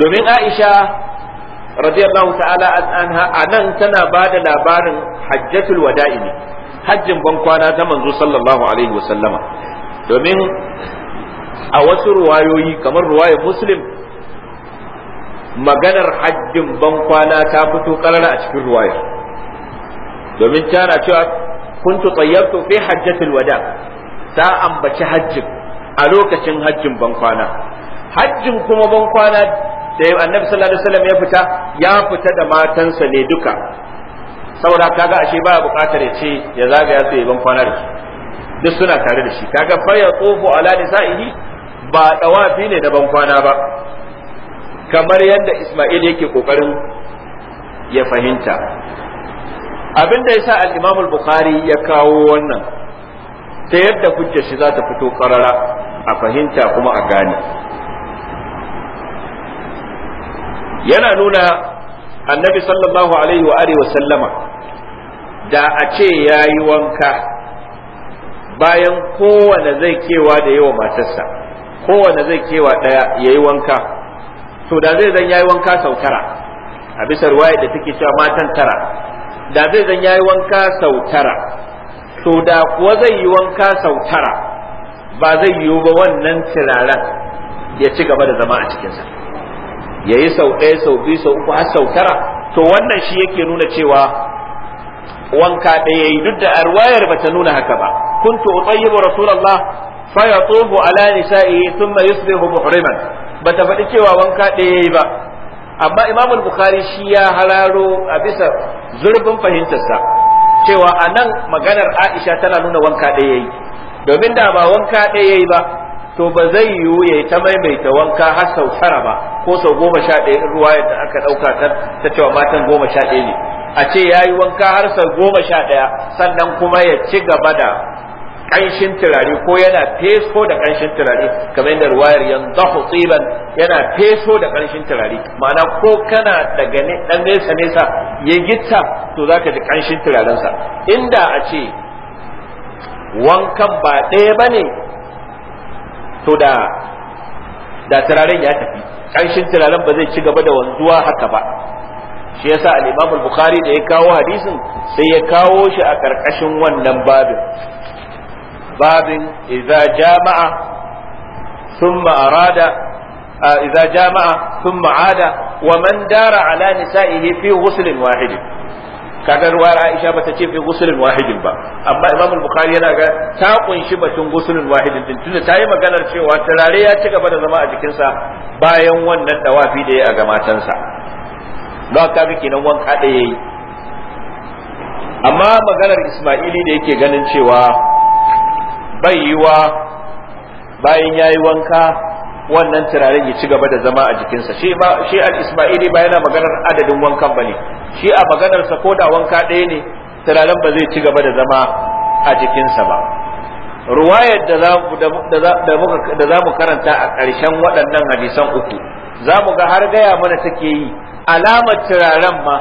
domin aisha radiyallahu ta'ala anha anan tana ba da labarin hajjatul wada'i ne hajjin ban kwana ta manzo sallallahu alaihi wasallama domin a wasu ruwayoyi kamar ruwayar muslim maganar hajjin ban kwana ta fito karara a cikin ruwaya domin tana cewa kuntu tsayyartu fi hajjatul wada ta ambaci hajjin a lokacin hajjin ban kwana hajjin kuma ban kwana da annabi sallallahu alaihi wasallam ya fita ya fita da matansa ne duka saboda kaga ashe ba bukatar ya ce ya zaga ya ban kwana da shi. duk suna tare da shi kaga fa ya tsofu ala nisa'ihi ba dawafi ne da ban kwana ba kamar yadda Ismail yake kokarin ya fahimta abin da yasa al-Imam al-Bukhari ya kawo wannan ta yadda kuke shi za ta fito karara a fahimta kuma a gane yana nuna annabi sallallahu alaihi wa alihi wa sallama da a ce yayi wanka bayan kowane zai kewa da yawa matarsa kowane zai kewa ɗaya yayi wanka to da zai zan yayi wanka sau tara a bisa ruwaya da take cewa matan tara da zai zan yayi wanka sau tara to da kuwa zai yi wanka sau tara ba zai yiwu ba wannan turaren ya ci gaba da zama a cikinsa ya yi sau ɗaya sau biyu sau uku har sau tara to wannan shi yake nuna cewa wanka ɗaya yi duk da arwayar ba ta nuna haka ba kuntu utayyibu rasulullah fa yatufu ala nisa'i thumma yusbihu muhriman bata faɗi cewa wanka ɗaya yi ba amma imamul bukhari shi ya hararo a bisa zurfin fahimtarsa cewa a nan maganar aisha tana nuna wanka ɗaya yi domin da ba wanka ɗaya yi ba to ba zai yiwu ya yi ta maimaita wanka har sau tara ba ko sau goma sha ɗaya ruwa yadda aka ɗauka ta cewa matan goma sha ɗaya ne a ce ya yi wanka har sau goma sha ɗaya sannan kuma ya ci gaba da ƙanshin turare ko yana feso da ƙanshin turare kamar yadda ruwayar yanzu tsiban yana feso da ƙanshin turare ma'ana ko kana daga ɗan nesa nesa ya gitta to zaka ji ƙanshin turarensa inda a ce wankan ba ɗaya bane to da da turaren ya tafi ƙanshin turaren ba zai ci gaba da wanzuwa haka ba shi yasa al-Imam al-Bukhari da ya kawo hadisin sai ya kawo shi a ƙarƙashin wannan babin babin idza jama'a thumma arada idza jama'a thumma ada wa man dara ala nisa'ihi fi ghuslin wahid kaga ruwayar Aisha bata ce fi ghuslin wahidin ba amma Imam Bukhari yana ga ta kunshi batun gusulin wahidin din tunda ta yi maganar cewa turare ya ci gaba da zama a jikin sa bayan wannan dawafi da ya ga matansa don kaga kenan wanka da yayi amma maganar Isma'ili da yake ganin cewa bai yiwa bayan yayi wanka wannan turaren ya ci gaba da zama a jikinsa shi ba shi al-isma'ili ba yana maganar adadin wankan bane shi a maganar sa koda wanka ɗaya ne turaren ba zai ci gaba da zama a jikinsa ba ruwayar da da za mu karanta a ƙarshen waɗannan hadisan uku za mu ga har gaya mana take yi alamar turaren ma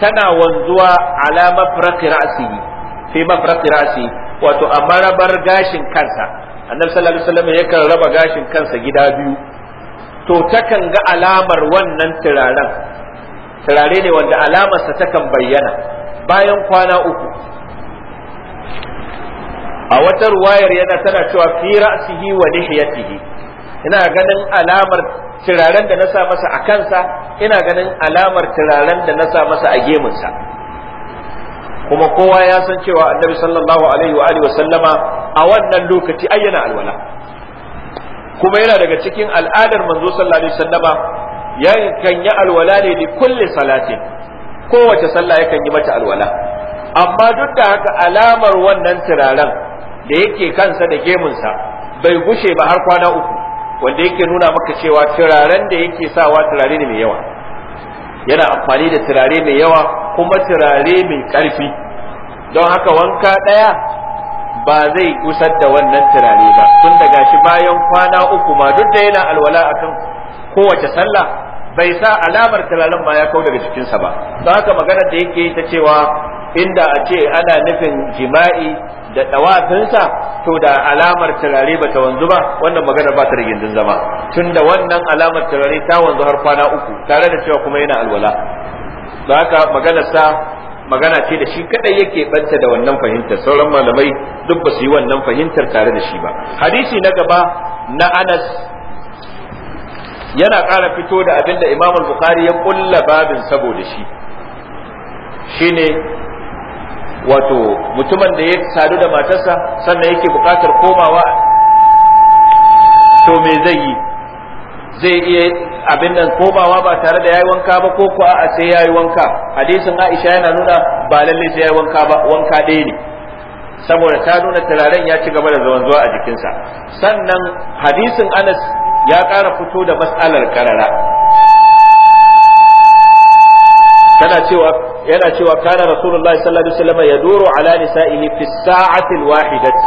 tana wanzuwa alamar firaqi ra'si fi mafraqi ra'si wato a marabar gashin kansa annabi sallallahu alaihi wasallam yakan raba gashin kansa gida biyu to takan ga alamar wannan turaren turare ne wanda alamarsa takan bayyana bayan kwana uku a wata ruwayar yana tana cewa fi ra'sihi wa lihiyatihi ina ganin alamar turaren da na sa masa a kansa ina ganin alamar turaren da na sa masa a gemunsa kuma kowa ya san cewa annabi sallallahu alaihi wa alihi sallama a wannan lokaci ayyana alwala kuma yana daga cikin al'adar manzo sallallahu alaihi wasallama kan yi alwala ne da kulli salatin kowace sallah yakan yi mata alwala amma duk da haka alamar wannan turaren da yake kansa da gemunsa bai gushe ba har kwana uku wanda yake nuna maka cewa turaren da yake sawa turare ne mai yawa yana amfani da turare mai yawa kuma turare mai ƙarfi don haka wanka ɗaya ba zai kusar da wannan turare ba tun daga shi bayan kwana uku ma duk da yana alwala akan kowace sallah bai sa alamar turaren ma ya kau daga jikinsa ba don haka maganar da yake ta cewa inda a ce ana nufin jima'i da ɗawafinsa to da alamar turare bata wanzu ba wannan magana ba ta rigindin zama tun da wannan alamar turare ta wanzu har kwana uku tare da cewa kuma yana alwala da haka maganarsa magana ce da shi kadai yake banta da wannan fahimtar sauran malamai duk ba su yi wannan fahimtar tare da shi ba hadisi na gaba na anas yana ƙara fito da abin da imam bukhari ya kulla babin saboda shi shine wato mutumin da ya sadu da matarsa sannan yake buƙatar komawa to me zai yi zai iya abin nan komawa ba tare da yayi wanka ba ko kuwa a sai yayi wanka hadisin Aisha yana nuna ba lalle sai yayi wanka ba wanka ɗaya ne saboda ta nuna turaren ya ci gaba da zaman zuwa a jikinsa sannan hadisin Anas ya ƙara fito da mas'alar karara kana cewa yana cewa kana rasulullahi sallallahu alaihi wasallam yaduru ala nisa'ihi fi sa'ati alwahidati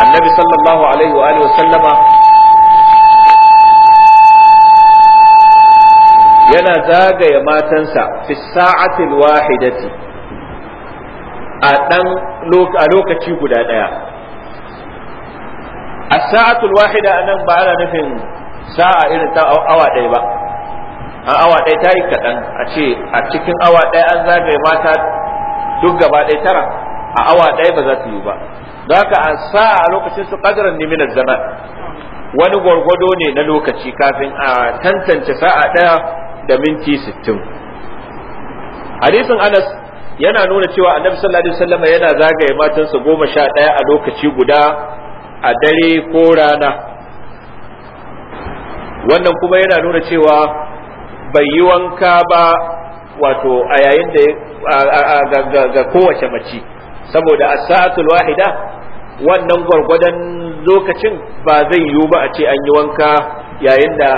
annabi sallallahu alaihi wa alihi wasallama yana zagaya matansa fi sa'atil wahidati a dan a lokaci guda daya a sa'atul wahida anan ba ana nufin sa'a irin ta awa ɗaya ba a awa ɗaya ta yi kaɗan a ce a cikin awa ɗaya an zagaya mata duk gaba ɗaya tara a awa ɗaya ba za su yi ba don haka a sa'a a lokacin su zaman wani gwargwado ne na lokaci kafin a tantance sa'a ɗaya da minti sittin hadisin anas yana nuna cewa annabi sallallahu alaihi wasallam yana zagaye matansa goma sha ɗaya a lokaci guda a dare ko rana wannan kuma yana nuna cewa bai yi wanka ba wato a yayin da ga kowace mace saboda a sa'atul wahida wannan gwargwadon lokacin ba zai yiwu ba a ce an yi wanka yayin da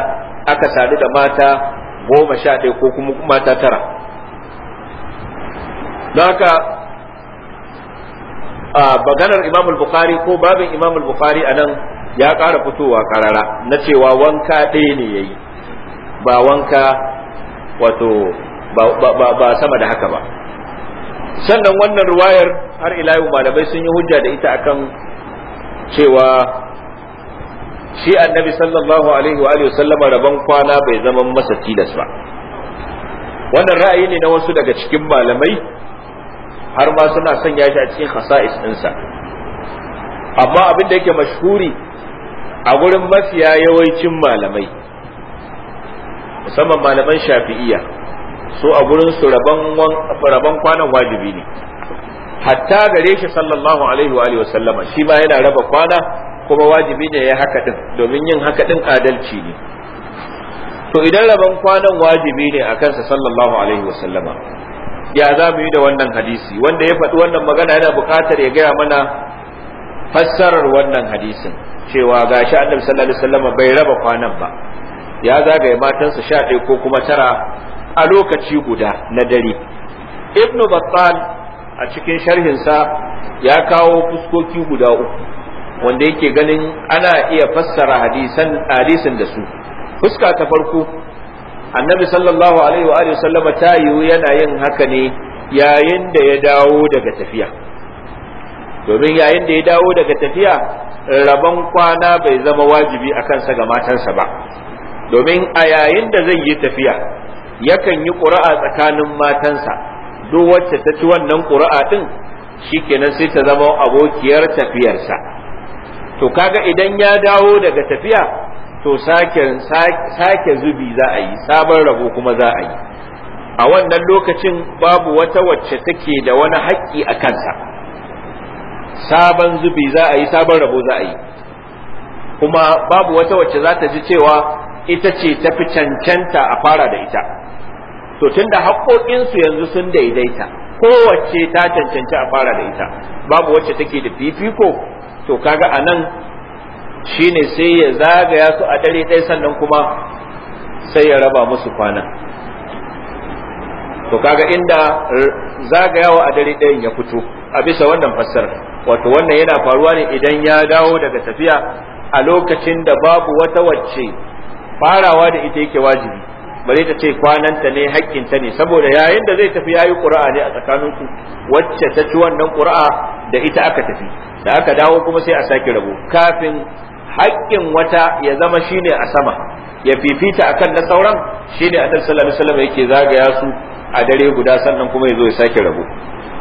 aka sadu da mata goma sha ɗaya ko kuma mata tara haka a baganar imam bukhari ko babin imam bukhari a nan ya ƙara fitowa ƙarara na cewa wanka ɗaya ne ya yi ba wanka wato ba sama da haka ba sannan wannan ruwayar har ila yau malamai sun yi hujja da ita akan cewa shi annabi sallallahu alaihi wa alihi sallama rabon kwana bai zama masa tilas ba wannan ra'ayi ne na wasu daga cikin malamai har ma suna sanya shi a cikin khasa'is ɗinsa amma abin da yake mashhuri a gurin mafiya yawancin malamai musamman malaman shafi'iyya so a gurin su rabon kwanan wajibi ne hatta gare shi sallallahu alaihi wa alihi sallama shi ma yana raba kwana kuma wajibi ne ya haka din domin yin haka din adalci ne to idan rabon kwanan wajibi ne a kansa sallallahu alaihi wasallama ya za mu yi da wannan hadisi wanda ya faɗi wannan magana yana buƙatar ya gaya mana fassarar wannan hadisin cewa ga shi annabi sallallahu alaihi wasallama bai raba kwanan ba ya zagaye matansa sha ɗaya ko kuma tara a lokaci guda na dare ibnu battal a cikin sharhinsa ya kawo fuskoki guda uku wanda yake ganin ana iya fassara hadisan hadisin da su fuska ta farko annabi sallallahu alaihi wa sallama ta yiwu yana yin haka ne yayin da ya dawo daga tafiya domin yayin da ya dawo daga tafiya rabon kwana bai zama wajibi a kansa ga matansa ba domin a yayin da zai yi tafiya yakan yi ƙura'a tsakanin matansa duk wacce ta ci wannan ƙura'a ɗin shikenan sai ta zama abokiyar tafiyarsa to kaga idan ya dawo daga tafiya to sake zubi za a yi sabon rabo kuma za a yi a wannan lokacin babu wata wacce take da wani haƙƙi a kansa sabon zubi za a yi sabon rabo za a yi kuma babu wata wacce za ta ji cewa ita ce tafi cancanta a fara da ita to tunda haƙoƙinsu yanzu sun daidaita kowace ta cancanci a fara da ita babu wacce take da fifiko to kaga a nan shi ne sai ya zagaya su a dare ɗaya sannan kuma sai ya raba musu kwana to kaga inda zagayawa a dare ɗayan ya fito a bisa wannan fassar wato wannan yana faruwa ne idan ya dawo daga tafiya a lokacin da babu wata wacce farawa da ita yake wajibi bare ta ce kwananta ne hakkinta ne saboda yayin da zai tafi yayi qur'a ne a tsakaninku wacce ta ci wannan qur'a da ita aka tafi da aka dawo kuma sai a sake rabo kafin haƙƙin wata ya zama shine a sama ya fifita akan na sauran shine annabi sallallahu alaihi wasallam yake zagaya su a dare guda sannan kuma yazo ya sake rabo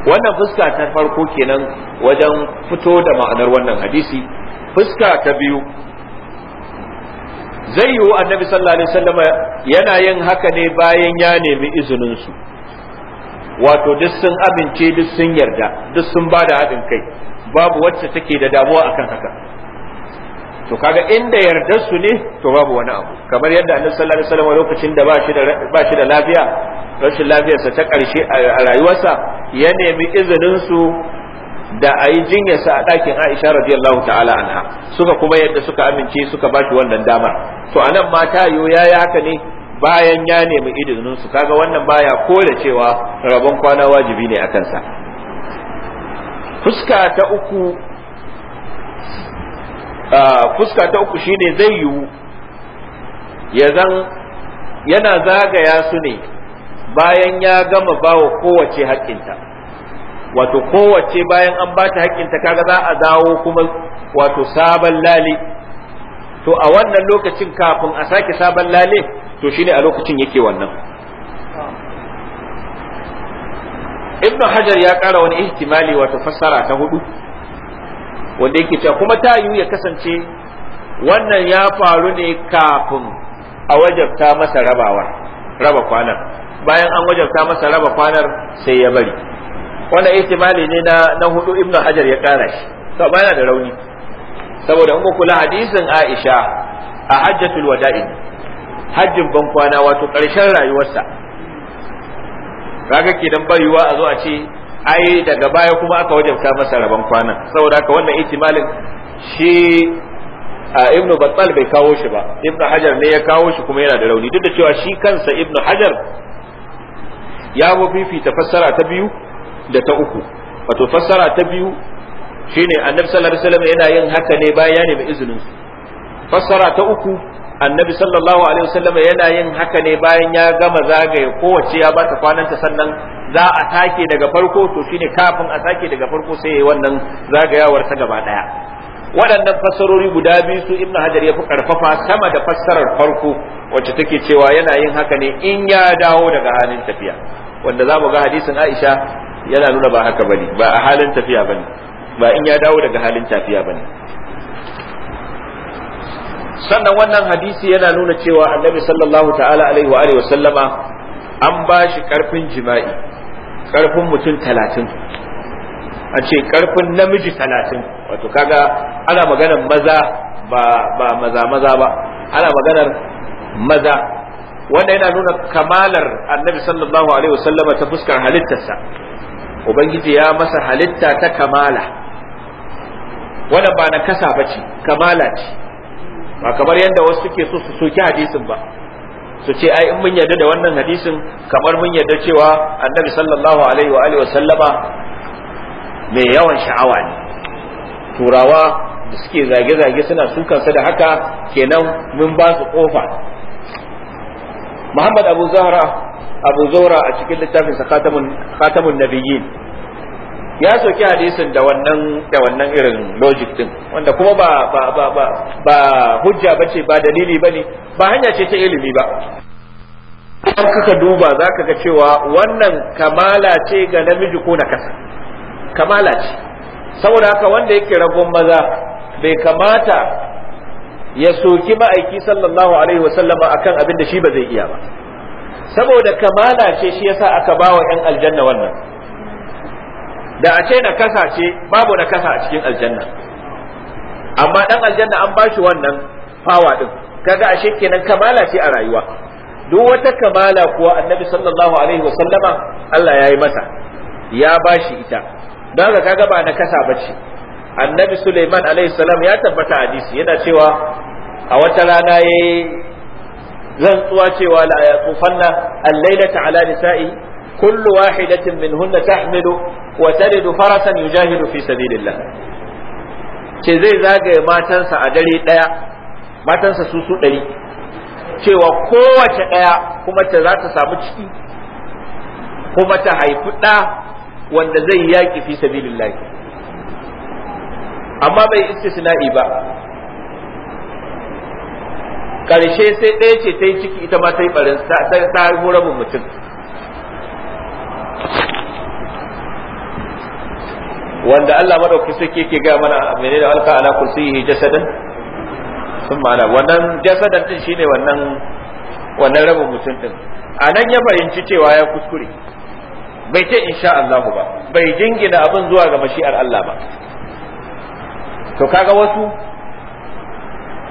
wannan fuska ta farko kenan wajen fito da ma'anar wannan hadisi fuska ta biyu zai yiwu annabi sallallahu alaihi wasallam yana yin haka ne bayan ya nemi izinin su wato duk sun amince duk sun yarda duk sun ba da haɗin kai babu wacce take da damuwa akan haka to kaga inda yardar su ne to babu wani abu kamar yadda annabi sallallahu alaihi wasallam lokacin da ba shi da lafiya rashin lafiyarsa ta karshe a rayuwarsa ya nemi izinin su da ayi yi jinyarsa a ɗakin Aisha radiyallahu ta'ala anha suka kuma yadda suka amince suka bashi wannan damar to anan mata yo yaya haka ne bayan ya nemi idinin su kaga wannan baya kore cewa rabon kwana wajibi ne a kansa fuska ta uku fuska ta uku shine zai yiwu ya zan yana zagaya su ne bayan ya gama bawa kowace haƙƙinta wato kowace bayan an ba ta haƙƙinta kaga za a dawo kuma wato sabon lale to a wannan lokacin kafin a sake sabon lale to shine a lokacin yake wannan ibn hajar ya ƙara wani ihtimali wato fassara ta hudu wanda yake cewa kuma ta yiwu ya kasance wannan ya faru ne kafin a wajabta masa rabawa raba kwanar bayan an wajabta masa raba kwanar sai ya bari wannan ihtimali ne na na hudu ibn hajar ya kara shi to yana da rauni saboda in kula hadisin aisha a hajjatul wada'i hajjin ban kwana wato ƙarshen rayuwarsa kaga kenan barewa a zo a ce ai daga baya kuma aka wajabta masa rabon kwana saboda haka wannan ihtimalin shi ibn battal bai kawo shi ba ibn hajar ne ya kawo shi kuma yana da rauni duk da cewa shi kansa ibn hajar ya fifita fassara ta biyu da ta uku wato fassara ta biyu shine annabi sallallahu alaihi wasallam yana yin haka ne bayan ya nemi izinin su fassara ta uku annabi sallallahu alaihi wasallam yana yin haka ne bayan ya gama zagaye kowace ya bata kwananta sannan za a take daga farko to shine kafin a take daga farko sai yayi wannan zagayawar ta gaba daya waɗannan fassarori guda biyu su ibnu hajar ya fi karfafa sama da fassarar farko wacce take cewa yana yin haka ne in ya dawo daga halin tafiya wanda za mu ga hadisin aisha yana nuna ba haka bane ba a halin tafiya bane ba in ya dawo daga halin tafiya bane sannan wannan hadisi yana nuna cewa annabi sallallahu ta'ala alaihi wa alihi an ba shi karfin jima'i karfin mutum talatin a ce karfin namiji talatin wato kaga ana maganar maza ba maza maza ba ana maganar maza wanda yana nuna kamalar annabi sallallahu alaihi wa sallama, ta fuskar halittarsa ubangiji ya masa halitta ta kamala wannan ba na kasa bace kamala ce ba kamar yadda wasu suke so su soki hadisin ba su ce ai in mun yarda da wannan hadisin kamar mun yarda cewa annabi sallallahu alaihi wa alihi wa mai yawan sha'awa ne turawa da suke zage-zage suna sukansa da haka kenan mun ba su kofa muhammad abu zahra abu a cikin littafin khatamun khatamun nabiyyin ya soki hadisin da wannan da wannan irin logic din wanda kuma ba ba ba ba, hujja bace ba dalili bane ba hanya ce ta ilimi ba idan kaka duba za ka ga cewa wannan kamala ce ga namiji ko na kasa kamala ce saboda haka wanda yake ragon maza bai kamata ya soki ma'aiki sallallahu alaihi wasallama akan abin da shi ba zai iya ba saboda kamala ce shi yasa aka bawa 'yan aljanna wannan da a ce na kasa ce babu na kasa a cikin aljanna amma dan aljanna an bashi wannan fawa din kaga ashe kenan kamala ce a rayuwa duk wata kamala kuwa annabi sallallahu alaihi wa sallama Allah ya yi masa ya bashi ita dan ka kaga ba na kasa bace annabi Suleiman alaihi salam ya tabbata hadisi yana cewa a wata rana yayi zan tsuwa cewa la tufanna al-lailata ala nisa'i kullu wahidatin minhunna tahmilu wa taridu farasan yujahidu fi sabilillah ce zai zagaye matansa a dare daya matansa su su dari cewa kowace daya kuma ta za ta samu ciki kuma ta haifi ɗa wanda zai yaƙi fi sabilillah amma bai istisna'i ba Karshe sai ɗaya ce ta yi ciki ita ma ta yi ɓarin ta haihu rabin mutum wanda Allah madauki sake ke ga mana menene alka ala kursiyi jasadan sun ma'ana wannan jasadan din shine wannan wannan rabin mutum din a nan ya fahimci cewa ya kuskure bai ce insha Allah ba bai jingina abin zuwa ga mashi'ar Allah ba to kaga wasu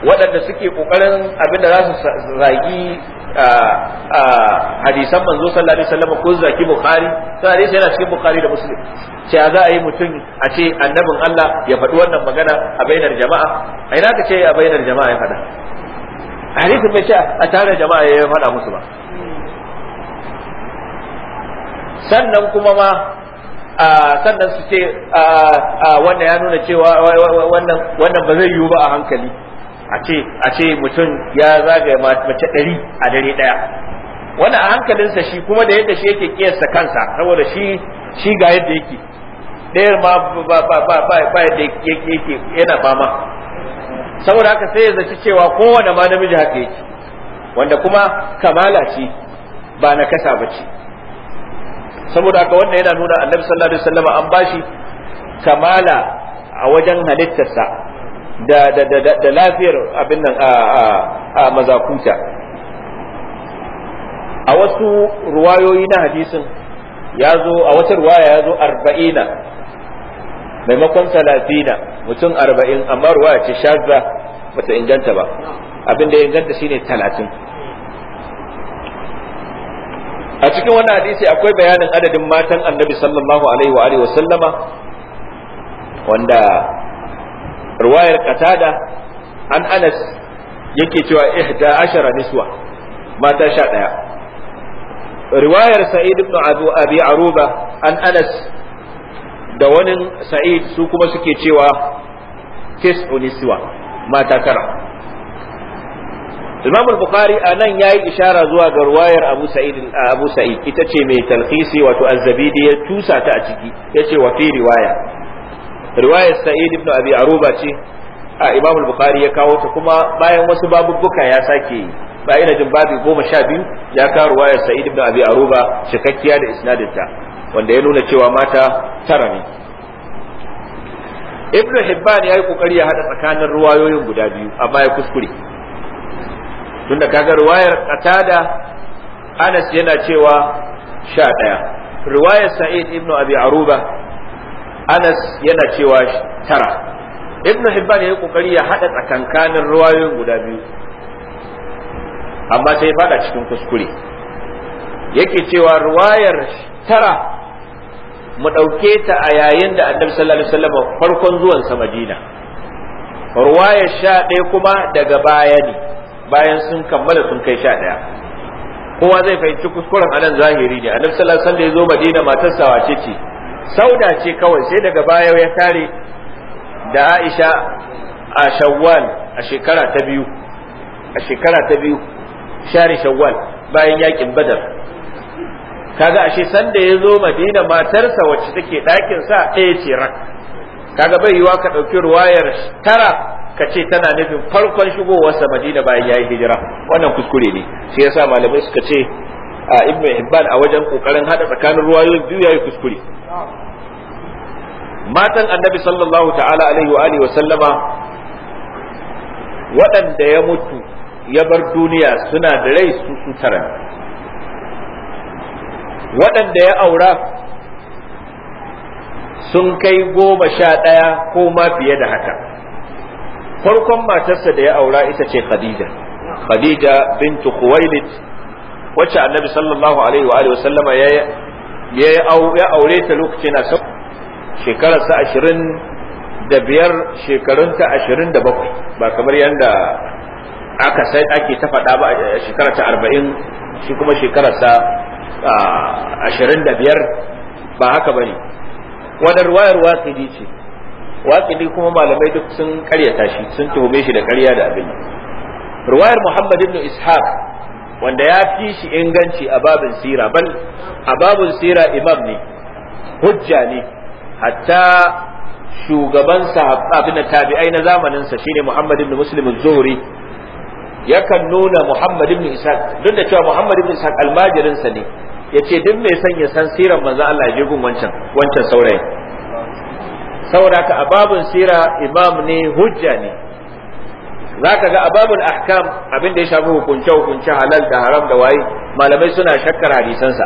waɗanda suke ƙoƙarin abin da za su zagi hadisan manzo sallallahu alaihi wasallam ko zaki bukhari sai hadisi yana cikin bukhari da muslim ce za a yi mutum a ce annabin Allah ya faɗi wannan magana a bainar jama'a a ina ka ce a bainar jama'a ya faɗa hadisin bai ce a tare jama'a ya faɗa musu ba sannan kuma ma sannan su ce wannan ya nuna cewa wannan ba zai yiwu ba a hankali a ce mutum ya zagaya mace ɗari a dare ɗaya wani a hankalinsa shi kuma da yadda shi yake kiyasta kansa saboda shi shi ga yadda yake ɗayar ma ba ba ba ba ba yadda yake yana fama saboda haka sai ya zaci cewa kowane ma namiji haka yake wanda kuma kamala ce ba na kasa ba ce saboda haka wanda yana nuna annabi sallallahu alaihi wasallam an bashi kamala a wajen halittarsa da da da da lafiyar abin nan a a mazakuta a wasu ruwayoyi na hadisin ya zo a wata ruwaya ya zo arba'ina maimakon talatina mutum arba'in amma ruwaya ce shazza bata inganta ba abin da ya inganta shine talatin a cikin wannan hadisi akwai bayanin adadin matan annabi sallallahu alaihi wa alihi wa sallama wanda ruwayar Katada an anas yake cewa ihda ashara niswa mata sha daya riwayar sa'id ibn abu abi aruba an anas da wani sa'id su kuma suke cewa tis niswa mata tara Imam al-Bukhari anan yayi ishara zuwa ga ruwayar Abu Sa'id Abu Sa'id ita ce mai talhisi wato az-Zabidi ya tusa ta a ciki yace wa fi riwaya riwayar sa'id ibn abi aruba ce a imam al-bukhari ya kawo ta kuma bayan wasu babubbuka ya sake ba ina jin babu goma sha biyu ya kawo riwayar sa'id ibn abi aruba cikakkiya da isnadinta wanda ya nuna cewa mata tara ne ibn hibban ya yi kokari ya hada tsakanin ruwayoyin guda biyu amma ya kuskure tunda kaga ruwayar qatada anas yana cewa sha ɗaya riwayar sa'id ibn abi aruba anas yana cewa tara ibnu hibban ya yi kokari ya hada tsakankanin ruwayoyin guda biyu amma sai fada cikin kuskure yake cewa ruwayar tara mu ɗauke ta a yayin da annabi sallallahu alaihi wasallam farkon zuwan sa madina ruwayar sha ɗaya kuma daga baya ne bayan sun kammala sun kai sha ɗaya kowa zai fahimci kuskuren anan zahiri ne annabi sallallahu alaihi wasallam ya zo madina matarsa wace ce sauda ce kawai sai daga baya ya tare da aisha a shawwal a shekara ta biyu a shekara ta biyu share shawwal bayan yakin badar kaga ashe sanda ya zo madina matarsa wacce take ɗakin sa ɗaya ce rak kaga bai yiwa ka ɗauki ruwayar tara ka ce tana nufin farkon shigowarsa madina bayan ya yi hijira wannan kuskure ne shi yasa malamai suka ce a ibnu hibban a wajen kokarin hada tsakanin ruwayoyin biyu yayi kuskure matan annabi sallallahu ta'ala alaihi wa alihi wa sallama waɗanda ya mutu ya bar duniya suna da rai su su waɗanda ya aura sun kai goma sha ɗaya ko ma fiye da haka farkon matarsa da ya aura ita ce khadija khadija bintu khuwailid wacce annabi sallallahu alaihi wa alihi sallama ya ya aure ta lokacin na sa shekarar sa 20 da biyar shekarun ta 27 ba kamar yanda aka sai ake ta faɗa ba a shekarar ta 40 shi kuma shekarar sa 25 ba haka bane wadar wayar waqidi ce waqidi kuma malamai duk sun karyata shi sun tuhume shi da karya da abin ruwayar muhammad ibn ishaq wanda ya fi shi inganci a babin sira bal a babin sira imam ne hujja ne hatta shugaban abin tabi'ai na zamaninsa shine Muhammad ibn Muslim az-Zuhri yakan nuna Muhammad ibn Ishaq duk da cewa Muhammad ibn Ishaq almajirin sa ne yace duk mai son ya san sirar manzo Allah ya gun wancan wancan saurayi. saboda ka a babin sira imam ne hujja ne zaka ga ababul ahkam abin da ya shafi hukunce hukunce halal da haram da waye malamai suna shakkar hadisansa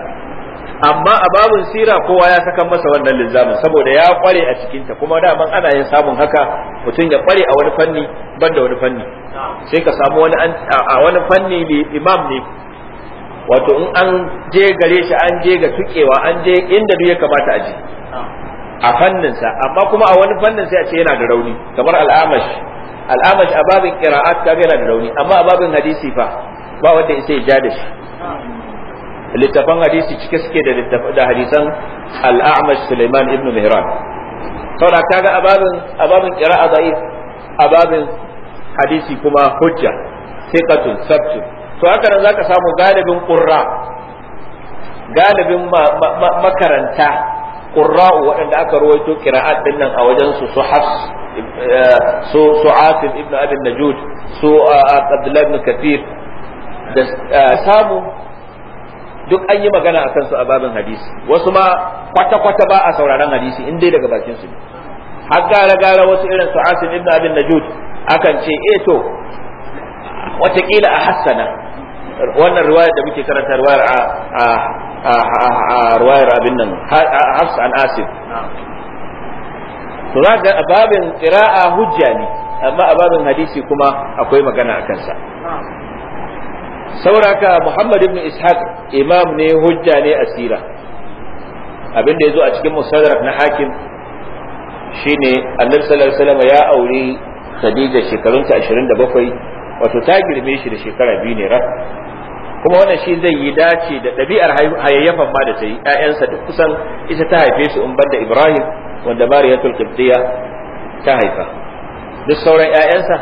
amma ababun sira kowa ya saka masa wannan linzamin saboda ya kware a cikinta kuma da man ana yin samun haka mutum ya kware a wani fanni ban da wani fanni sai ka samu wani a wani fanni imam ne wato in an je gare shi an je ga tukewa an je inda duk ya kamata a je a fanninsa amma kuma a wani fannin sai a ce yana da rauni kamar al'amash al'amash a babin qira'at kaga yana da rauni amma a babin hadisi fa ba wanda isa ya ja da shi littafan hadisi cike suke da da hadisan al'amash Suleiman ibn Mihran saboda kaga a babin a babin qira'a da'if a babin hadisi kuma hujja thiqatun sabtun to haka nan za ka samu galibin qurra galibin makaranta qurra'u waɗanda aka rawaito qira'at din nan a wajen su su su su asim ibn abi najud su abdullah ibn kathir da samu duk an yi magana akan su a babin hadisi wasu ma kwata-kwata ba a sauraron hadisi in dai daga bakin su ne har gara-gara wasu irin su asim ibn abin najud akan ce eh to watakila a hassana wannan riwayar da muke karanta riwayar a riwayar abin nan hafs an asif to za ga babin qira'a hujja ne amma a babin hadisi kuma akwai magana a kansa sauraka muhammad ibn ishaq imam ne hujja ne asira abin da yazo a cikin musaddarak na hakim shine annabi sallallahu alaihi wasallam ya aure khadija shekarunta 27 wato ta girme shi da shekara biyu ne rak kuma wannan shi zai yi dace da ɗabi'ar hayayyafan ma da ta yi ‘ya'yansa duk kusan ita ta haife su in banda ibrahim wanda mariyatul qibtiyya ta haifa duk sauran ‘ya'yansa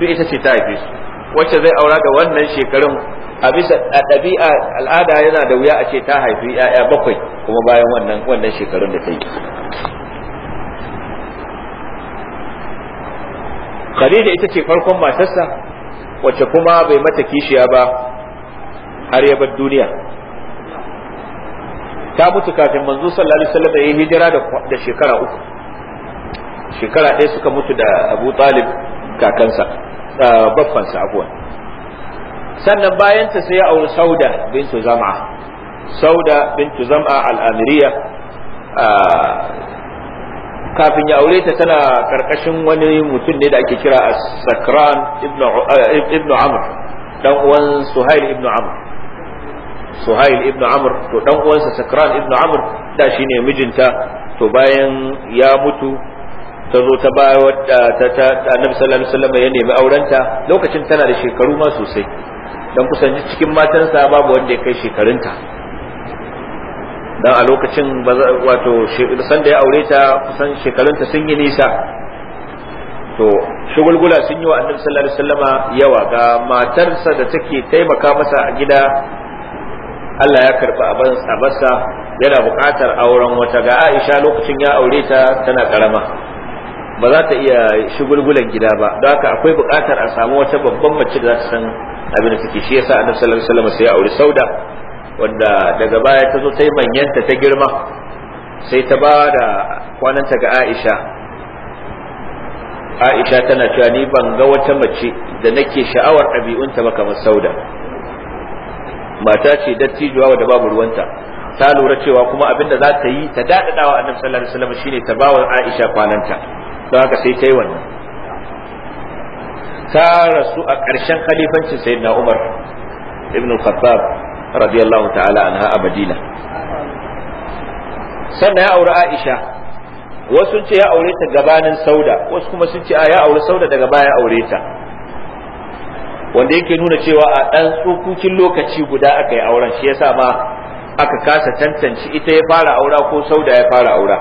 duk ita ce ta haife su wacce zai aura da wannan shekarun a bisa a ɗabi'a al'ada yana da wuya a ce ta haifi ‘ya'ya bakwai kuma bayan wannan wannan shekarun da ta yi Khadija ita ce farkon matarsa wacce kuma bai mata kishiya ba har ya bar duniya ta mutu kafin manzo sallallahu alaihi wasallam da hijira da shekara uku shekara ɗaya suka mutu da Abu Talib kakansa baffansa abuwan sannan bayanta sai ya auri Sauda bintu Zam'a Sauda bintu Zam'a al-Amiriya kafin ya aure ta tana karkashin wani mutum ne da ake kira as-sakran ibnu eh, amr dan uwan suhail ibnu amr suhail ibnu amr to dan uwansa sakran ibnu amr da shine mijinta to bayan ya mutu ta zo ta bayar ta ta annabi sallallahu alaihi wasallam ya nemi aurenta lokacin tana da shekaru ma sosai dan kusan cikin matansa babu wanda ya kai shekarunta dan a lokacin wato sanda ya aure ta kusan shekarunta sun yi nisa to shugulgula sun yi wa annabi sallallahu alaihi wasallama yawa ga matarsa da take taimaka masa a gida Allah ya karba abin sabarsa yana buƙatar auren wata ga Aisha lokacin ya aure ta tana karama ba za ta iya shugulgulan gida ba don haka akwai buƙatar a samu wata babban mace da za ta san abin da take shi yasa annabi sallallahu alaihi wasallama sai ya aure Sauda wanda daga baya ta zo sai manyanta ta girma sai ta ba da kwananta ga aisha aisha tana cewa ni ban ga wata mace da nake sha'awar ɗabi'unta ba kamar sauda mata ce dattijuwa da babu ruwanta ta lura cewa kuma abinda za ta yi ta daɗaɗawa annabi sallallahu alaihi wasallam shine ta wa Aisha kwananta don haka sai ta yi wannan ta rasu a ƙarshen khalifancin sayyidina Umar ibn al-Khattab radiyallahu ta'ala anha a madina sannan ya auri aisha wasu sun ce ya aure ta gabanin sauda wasu kuma sun ce a ya auri sauda daga baya aure ta wanda yake nuna cewa a ɗan tsokokin lokaci guda aka yi auren shi yasa ma aka kasa tantance ita ya fara aura ko sauda ya fara aura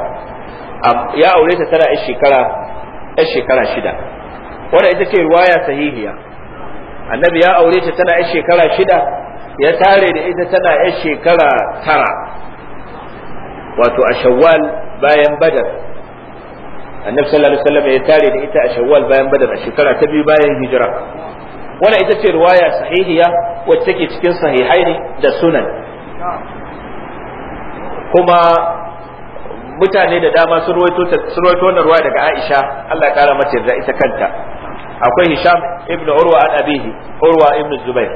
ya aure ta tana yan shekara yan shekara shida wanda ita ce ruwaya sahihiya annabi ya aure ta tana yan shekara shida ya tare da ita tana yar shekara tara wato a shawwal bayan badar annabi sallallahu alaihi wasallam ya tare da ita a shawwal bayan badar a shekara ta biyu bayan hijira wannan ita ce riwaya sahihiya wacce take cikin sahihaini da sunan kuma mutane da dama sun rawaito wannan ruwa daga Aisha Allah ya kara mace da ita kanta akwai Hisham ibn Urwa al abihi Urwa ibn Zubair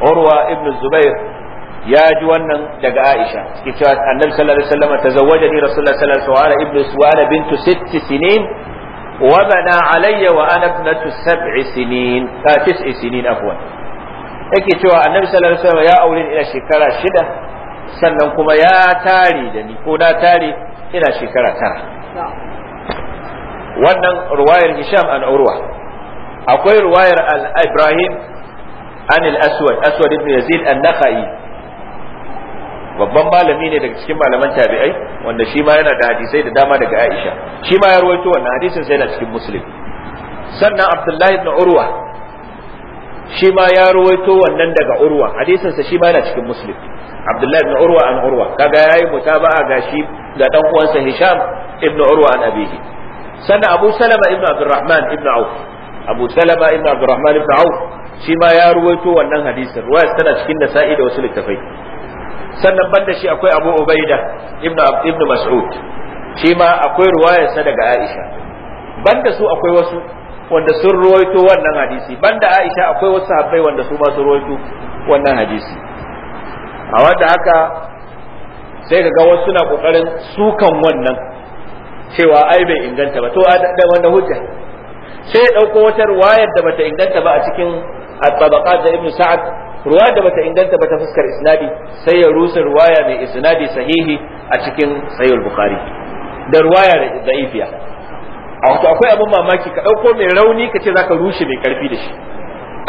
urwa ibn zubair ya ji wannan daga aisha suke cewa annabi sallallahu alaihi wasallam tazawwajani rasulullah sallallahu alaihi wasallam ibn suwala bintu sitt sinin wa bana alayya wa ana ibnatu sab'i sinin ta ah, tis'i sinin afwan yake cewa annabi sallallahu alaihi wasallam ya aure ina shekara shida sannan kuma ya tari da ni ko na tari ina shekara tara wannan ruwayar hisham an urwa akwai ruwayar al ibrahim anil aswad aswad ibn yazid an-nakhai babban malami ne daga cikin malaman tabi'ai wanda shi ma yana da hadisai da dama daga Aisha shi ma ya rawaito wannan hadisin sai yana cikin Muslim sannan Abdullahi ibn Urwa shi ma ya rawaito wannan daga Urwa hadisin sa shi ma yana cikin Muslim Abdullahi ibn Urwa an Urwa kaga yayi mutaba'a ga shi ga dan uwansa Hisham ibn Urwa an abihi sannan Abu Salama ibn Abdurrahman ibn Auf Abu Salama ibn Abdurrahman ibn Auf shi ma ya ruwaito wannan hadisin ruwaya tana cikin nasa'i da wasu littafai sannan banda shi akwai abu ubaida ibnu ibnu mas'ud shi ma akwai ruwayarsa daga aisha banda su akwai wasu wanda sun ruwaito wannan hadisi banda aisha akwai wasu sahabbai wanda su ma sun ruwaito wannan hadisi a wanda haka sai ka ga wasu suna kokarin sukan wannan cewa ai bai inganta ba to a da wanda hujja sai ya dauko wata ruwayar da bata inganta ba a cikin الطبقات tabaqat da ibn sa'ad ruwa da bata inganta ba ta fuskar isnadi sai ya rusa ruwaya mai isnadi sahihi a cikin sahih al-bukhari da ruwaya da'ifiya a akwai abin mamaki ka dauko mai rauni ka ce zaka rushe mai karfi da shi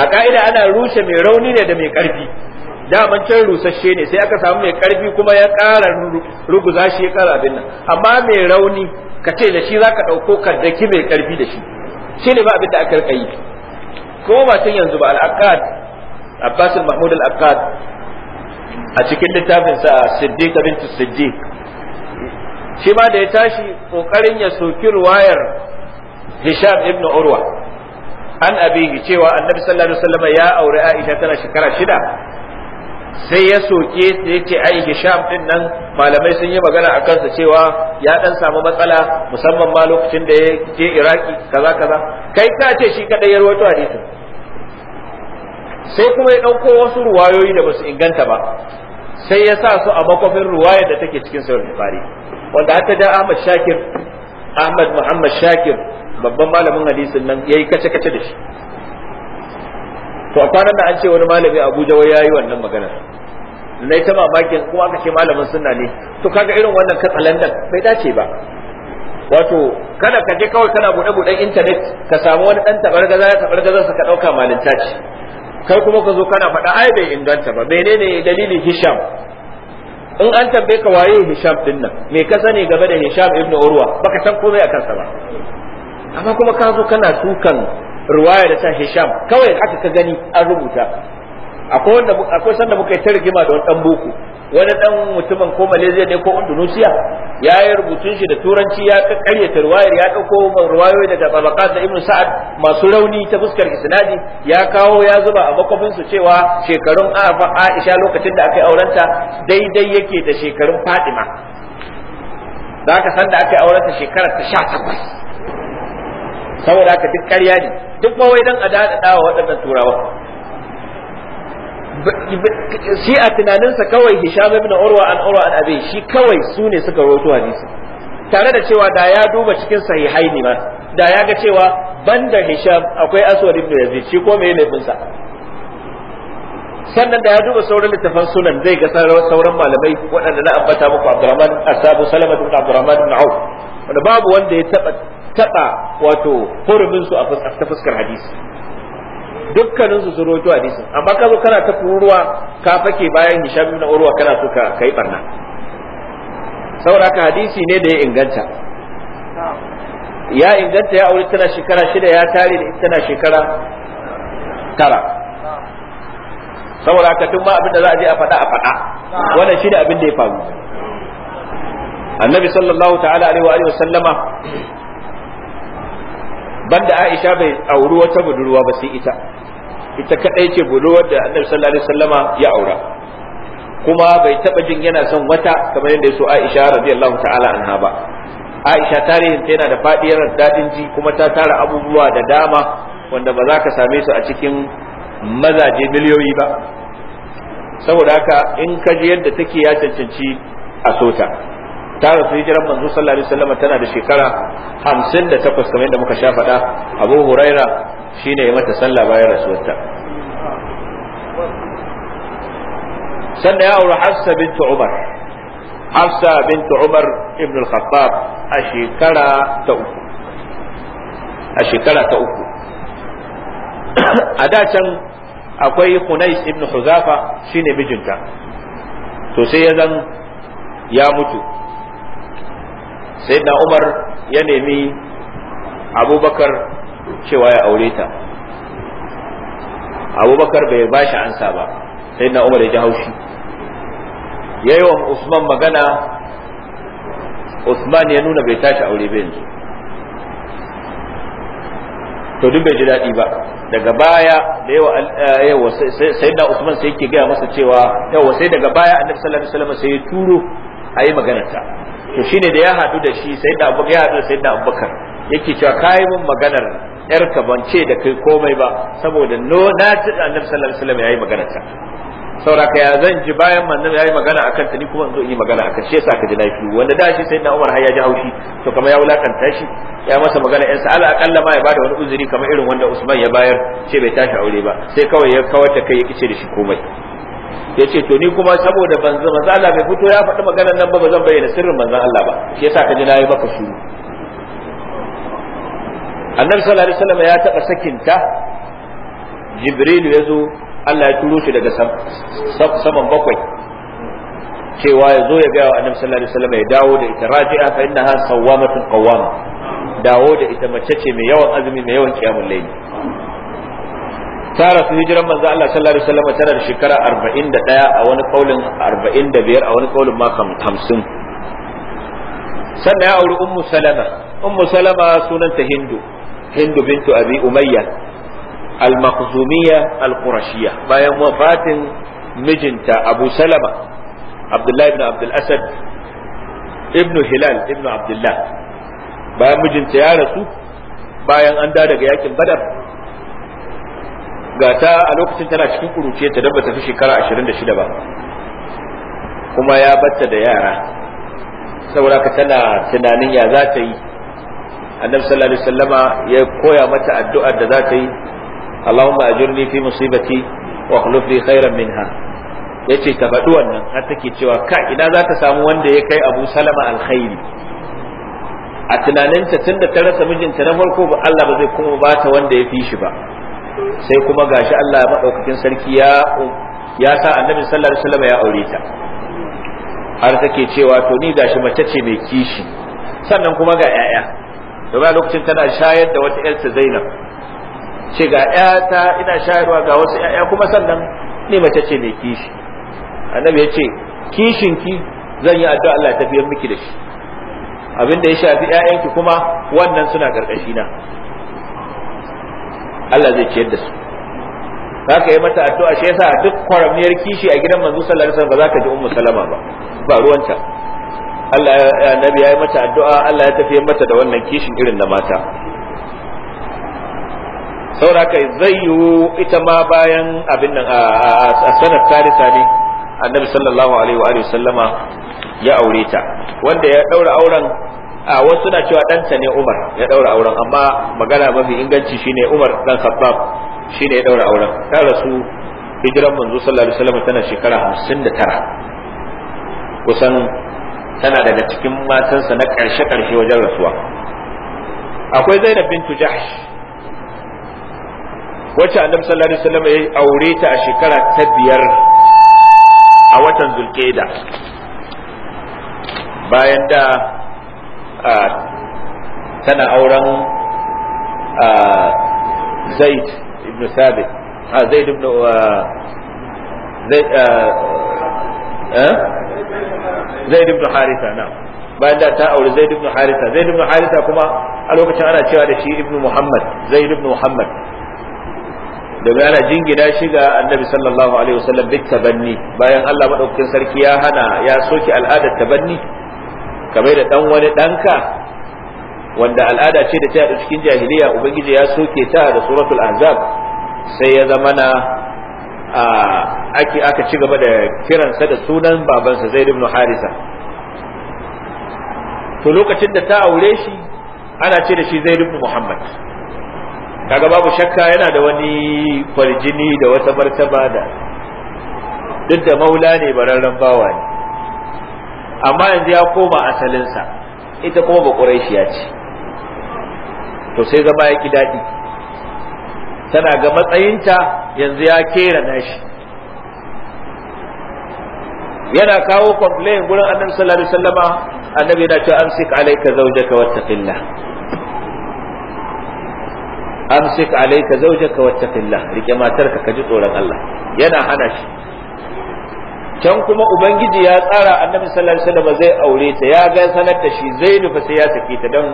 a ana rushe mai rauni ne da mai can rusashe ne sai aka samu mai karfi kuma ya ƙara ruguza shi ya ƙara abin nan amma mai rauni ka ce da shi za ka ɗauko ka mai karfi da shi shi ne ba abin da aka rika yi ko ba tun yanzu ba al-aqad Abbas mahmud al-Aqad a cikin littafin sa Siddiq bin Siddiq shi ma da ya tashi kokarin ya soki ruwayar Hisham ibn Urwa an abi cewa Annabi sallallahu alaihi wasallam ya aure Aisha tana shekara shida sai ya soke sai ya ce ai hisham din nan malamai sun yi magana a kansa cewa ya dan samu matsala musamman ma lokacin da ya je iraki kaza kaza kai ka ce shi kadai ya rawaito hadisi sai kuma ya dauko wasu ruwayoyi da basu inganta ba sai ya sa su a makofin ruwayar da take cikin sahih bukhari wanda hatta da Ahmad Shakir Ahmad Muhammad Shakir babban malamin hadisin nan yayi kace kace da shi to a kwanan da an ce wani malami Abuja wai yayi wannan magana na ta mamakin kuma aka ce malamin sunna ne to kaga irin wannan Landan bai dace ba wato kada ka je kawai kana buɗe buɗen intanet ka samu wani ɗan tabargaza ya tabargazar sa ka ɗauka malinta ce kai kuma ka zo kana faɗa ai bai inganta ba menene dalilin hisham in an tambaye ka waye hisham din nan me ka sani game da hisham ibnu urwa baka san komai akan sa ba amma kuma ka zo kana tukan ruwaya da ta Hisham kawai aka ka gani an rubuta akwai wanda akwai sanda muka yi ta rigima da wani dan boko wani dan mutumin ko Malaysia ne ko Indonesia ya yi rubutun shi da turanci ya karyata ruwayar ya dauko ruwayoyi daga tabaqat da Ibn Sa'ad masu rauni ta fuskar isnadi ya kawo ya zuba a makofin su cewa shekarun Aisha lokacin da aka yi aurenta daidai yake da shekarun Fatima da aka san da aka yi aurenta shekarar ta 18 saboda haka duk ƙarya ne duk ma wai dan a daɗaɗa wa waɗannan turawa shi a tunaninsa kawai hisham ibn urwa an urwa an abi shi kawai sune suka rawaito hadisi tare da cewa da ya duba cikin sahihai ne ma da ya ga cewa banda hisham akwai aswad ibn yazid shi ko me bin sa sannan da ya duba sauran littafan sunan zai ga sauran malamai waɗanda na ambata muku Abdurrahman Asabu Salama ibn Abdurrahman bin Auf wanda babu wanda ya taba taba wato hurumin su a ta fuskar hadisi dukkanin su su rawaito hadisin amma ka zo kana ta kururuwa ka fake bayan Hisham bin Urwa kana so ka kai barna saboda haka hadisi ne da ya inganta ya inganta ya aure tana shekara shida ya tare da tana shekara tara saboda haka tun ma abin da za a je a faɗa a faɗa wannan shi ne abin da ya faru annabi sallallahu ta'ala alaihi wa alihi wa sallama banda Aisha bai auri wata budurwa ba sai ita ita kadai ce budurwar da Annabi sallallahu alaihi sallama ya aura kuma bai taba jin yana son wata kamar yadda ya so Aisha radiyallahu ta'ala anha ba Aisha tarihin ta yana da fadiyar daɗin ji kuma ta tara abubuwa da dama wanda ba za ka same su a cikin mazaje miliyoyi ba saboda haka in ka ji yadda take ya cancanci a sota ta rasu hijiran manzo sallallahu alaihi wasallam tana da shekara 58 kamar yadda muka sha faɗa Abu Huraira shine ya mata sallah bayan rasuwarta sannan ya auri Hafsa bint Umar Hafsa bint Umar ibn al-Khattab a shekara ta uku a shekara ta uku a da can akwai hunais ibn huzafa shine mijinta to sai ya zan ya mutu sai na umar ya nemi abubakar cewa ya aure ta abubakar bai ba shi ansa ba sai na umar ya ji haushi ya yi wa usman magana usman ya nuna bai tashi aure bai yanzu to duk bai ji daɗi ba daga baya da yawa eh, yawa da Usman sai yake gaya masa cewa yawa sai daga baya annabi sallallahu alaihi wasallam sai ya turo ayi magana ta to shine da ya hadu da shi sayyidina Abubakar ya hadu da Abubakar yake cewa kai mun maganar yarka ban ce da kai komai ba saboda no na ji annabi sallallahu alaihi wasallam yayi magana ta sauraka ya zan ji bayan manzon yayi magana akan ta ni kuma in zo in yi magana akan shi yasa ka ji lafiya wanda da shi sayyidina Umar har ya ji haushi to kamar ya wulakanta shi ya masa magana yan sa'ala akalla ma ya bada wani uzuri kamar irin wanda Usman ya bayar ce bai tashi aure ba sai kawai ya kawar da kai ya kice da shi komai ya ce to ni kuma saboda banzu manzo Allah bai fito ya faɗi maganar nan ba ba zan bayyana sirrin manzo Allah ba shi yasa ka ji nayi baka shiru annabi sallallahu alaihi wasallam ya taɓa sakinta jibril ya zo Allah ya turo shi daga saman bakwai cewa ya zo ya gaya wa annabi sallallahu alaihi wasallam ya dawo da ita raji'a fa innaha sawwamatun qawwama dawo da ita mace ce mai yawan azumi mai yawan kiyamul layli ta rasu hijiran manzo Allah sallallahu alaihi wasallam tana da shekara 41 a wani kaulin 45 a wani kaulin ma 50 sannan ya auri ummu salama ummu salama sunanta hindu hindu bintu abi umayya al-makhzumiyya al-qurashiyya bayan wafatin mijinta abu salama abdullahi ibn abdul ibn hilal ibn abdullah bayan mijinta ya rasu bayan an da daga yakin badar ga ta a lokacin tana cikin kuruce ta dabba fi shekara 26 ba kuma ya batta da yara saboda ka tana tunanin ya za ta yi annabi sallallahu alaihi wasallama ya koya mata addu'ar da za ta yi Allahumma ajurni fi musibati wa akhlif li khairan minha yace ta faɗi wannan har take cewa ka ina za ta samu wanda ya kai Abu Salama alkhairi a tunaninta tunda ta rasa mijinta na farko ba Allah ba zai kuma ba ta wanda ya fi shi ba sai kuma gashi Allah maɗaukakin sarki ya sa annabi sallallahu alaihi ya aure ta har take cewa to ni gashi mace ce mai kishi sannan kuma ga 'ya'ya domin a lokacin tana shayar da wata 'yarta Zainab ce ga ta ina shayarwa ga wasu ƴaƴa kuma sannan ne mace ce mai kishi annabi ya ce kishin ki zan yi addu'a Allah tafiyar miki da shi abin da ya shafi ƴaƴanki kuma wannan suna karkashi na Allah zai ciyar da su haka yi mata addu'a shi yasa duk kwaramiyar kishi a gidan manzo sallallahu alaihi wasallam ba za ka ji ummu salama ba ba ruwanta Allah annabi ya yi mata addu'a Allah ya tafiyar mata da wannan kishin irin na mata saboda haka zai yiwu ita ma bayan abin nan a sanar tarisa ne annabi sallallahu alaihi wa sallama ya aure ta wanda ya daura auren a wasu na cewa ɗanta ne Umar ya ɗaura auren amma magana mafi inganci shine Umar dan Khattab shine ya ɗaura auren ta rasu hijiran manzo sallallahu alaihi wasallam tana shekara 59 kusan tana daga cikin matansa na ƙarshe ƙarshe wajen rasuwa akwai Zainab bintu Jahsh wacce annabi sallallahu alaihi wasallam ya aure ta a shekara ta biyar a watan zulqaida bayan da tana auren zaid ibn sabit zaid ibn zaid ibn haritha na bayan da ta aure zaid ibn haritha zaid ibn haritha kuma a lokacin ana cewa da shi ibn muhammad zaid ibn muhammad daga ana jingina shi ga annabi sallallahu alaihi wasallam bit tabanni bayan Allah madaukakin sarki ya hana ya soke al'ada tabanni kamar da dan wani danka wanda al'ada ce da ta da cikin jahiliya ubangiji ya soke ta da suratul ahzab sai ya zama na ake aka ci gaba da kiransa da sunan babansa zaid ibn harisa to lokacin da ta aure shi ana ce da shi zaid ibn muhammad kaga babu shakka yana da wani farjini da wata martaba da duk da maula ne bararren bawa ne amma yanzu ya koma asalinsa ita kuma ba ƙuraishiya ce to sai zama ya ki daɗi tana ga matsayinta yanzu ya kera nashi yana kawo complain gurin annabi sallallahu alaihi wasallama annabi yana cewa amsik alayka zawjaka wattaqillah amsik alayka zawjaka wattaqillah rike matarka ka ji tsoron Allah yana hana shi can kuma ubangiji ya tsara annabi sallallahu alaihi wasallam zai aure ta ya ga sanar da shi zai nufa sai ya take ta dan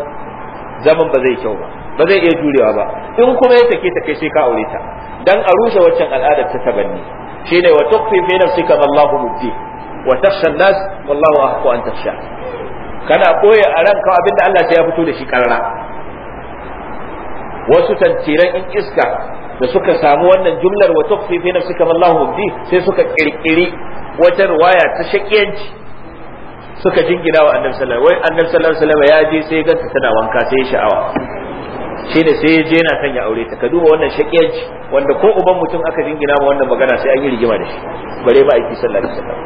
zaman ba zai kyau ba ba zai iya jurewa ba in kuma ya sake ta kai sai ka aure ta dan a rushe waccan al'adar ta tabanni shine wa tuqfi fi nafsika wallahu mubdi wa takhsha nas wallahu ahqu an takhsha kana koya a ranka abinda Allah ya fito da shi karara wasu tantiran in iska da suka samu wannan jumlar wa tukfi fi nafsi ma Allahu bi sai suka kirkiri wata riwaya ta shakiyanci suka jingina wa annabi sallallahu alaihi wasallam wai annabi sallallahu alaihi wasallam ya je sai ganta tana wanka sai sha'awa Shi ne sai ya je yana son ya aure ta ka duba wannan shakiyanci wanda ko uban mutum aka jingina ma wannan magana sai an yi rigima da shi bare ba aiki sallallahu alaihi wasallam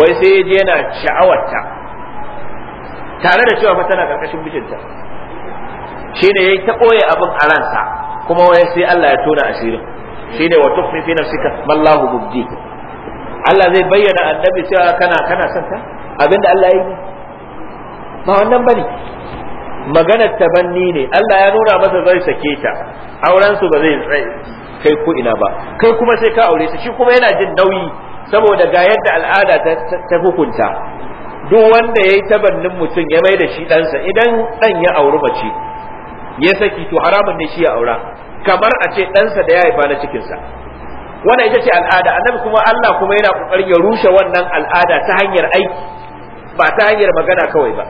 wai sai ya je yana sha'awarta tare da cewa fa tana karkashin mijinta shine yayi ta boye abin a ransa kuma wai sai Allah ya tona asirin shine wa tukhfi fi ka mallahu mubdi Allah zai bayyana annabi cewa kana kana son ta abinda Allah yi ba wannan bane maganar tabanni ne Allah ya nuna masa zai sake ta auren su ba zai tsaye kai ko ina ba kai kuma sai ka aure shi kuma yana jin nauyi saboda ga yadda al'ada ta hukunta duk wanda ya yi tabannin mutum ya mai da shi ɗansa idan ɗan ya auri mace ya saki to haramun ne shi ya aura kamar a ce ɗansa da ya haifa na cikinsa wannan ita ce al'ada annabi kuma Allah kuma yana kokarin ya rushe wannan al'ada ta hanyar aiki ba ta hanyar magana kawai ba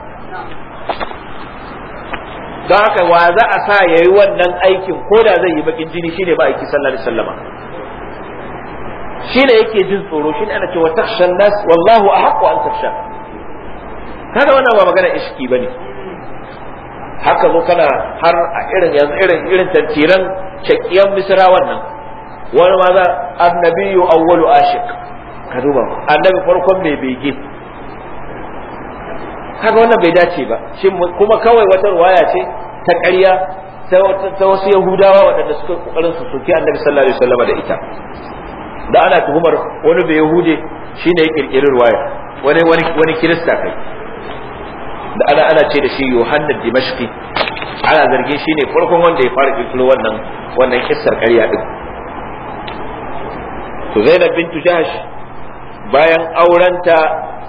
don haka wa za a sa ya yi wannan aikin ko da zai yi bakin jini shine ba aiki sallallahu alaihi shine yake jin tsoro shine ana cewa takshan nas wallahu ahqqu an taksha kaga wannan ba magana iski bane haka zo kana har a irin yanzu irin irin tantiran shakiyan misrawan nan wani ma za annabiyyu awwalu ashiq ka duba annabi farkon mai bege kaga wannan bai dace ba shin kuma kawai wata ruwaya ce ta ƙarya ta wasu yahudawa waɗanda suka kokarin su soki annabi sallallahu alaihi wasallam da ita da ana tuhumar wani bai yahude shine ya kirkiri ruwaya wani wani wani kirista kai da ana ana ce da shi yohanna dimashqi ana zargin shi ne farkon wanda ya fara kirkiro wannan wannan kissar ƙarya din to zainab bintu Jahsh bayan aurenta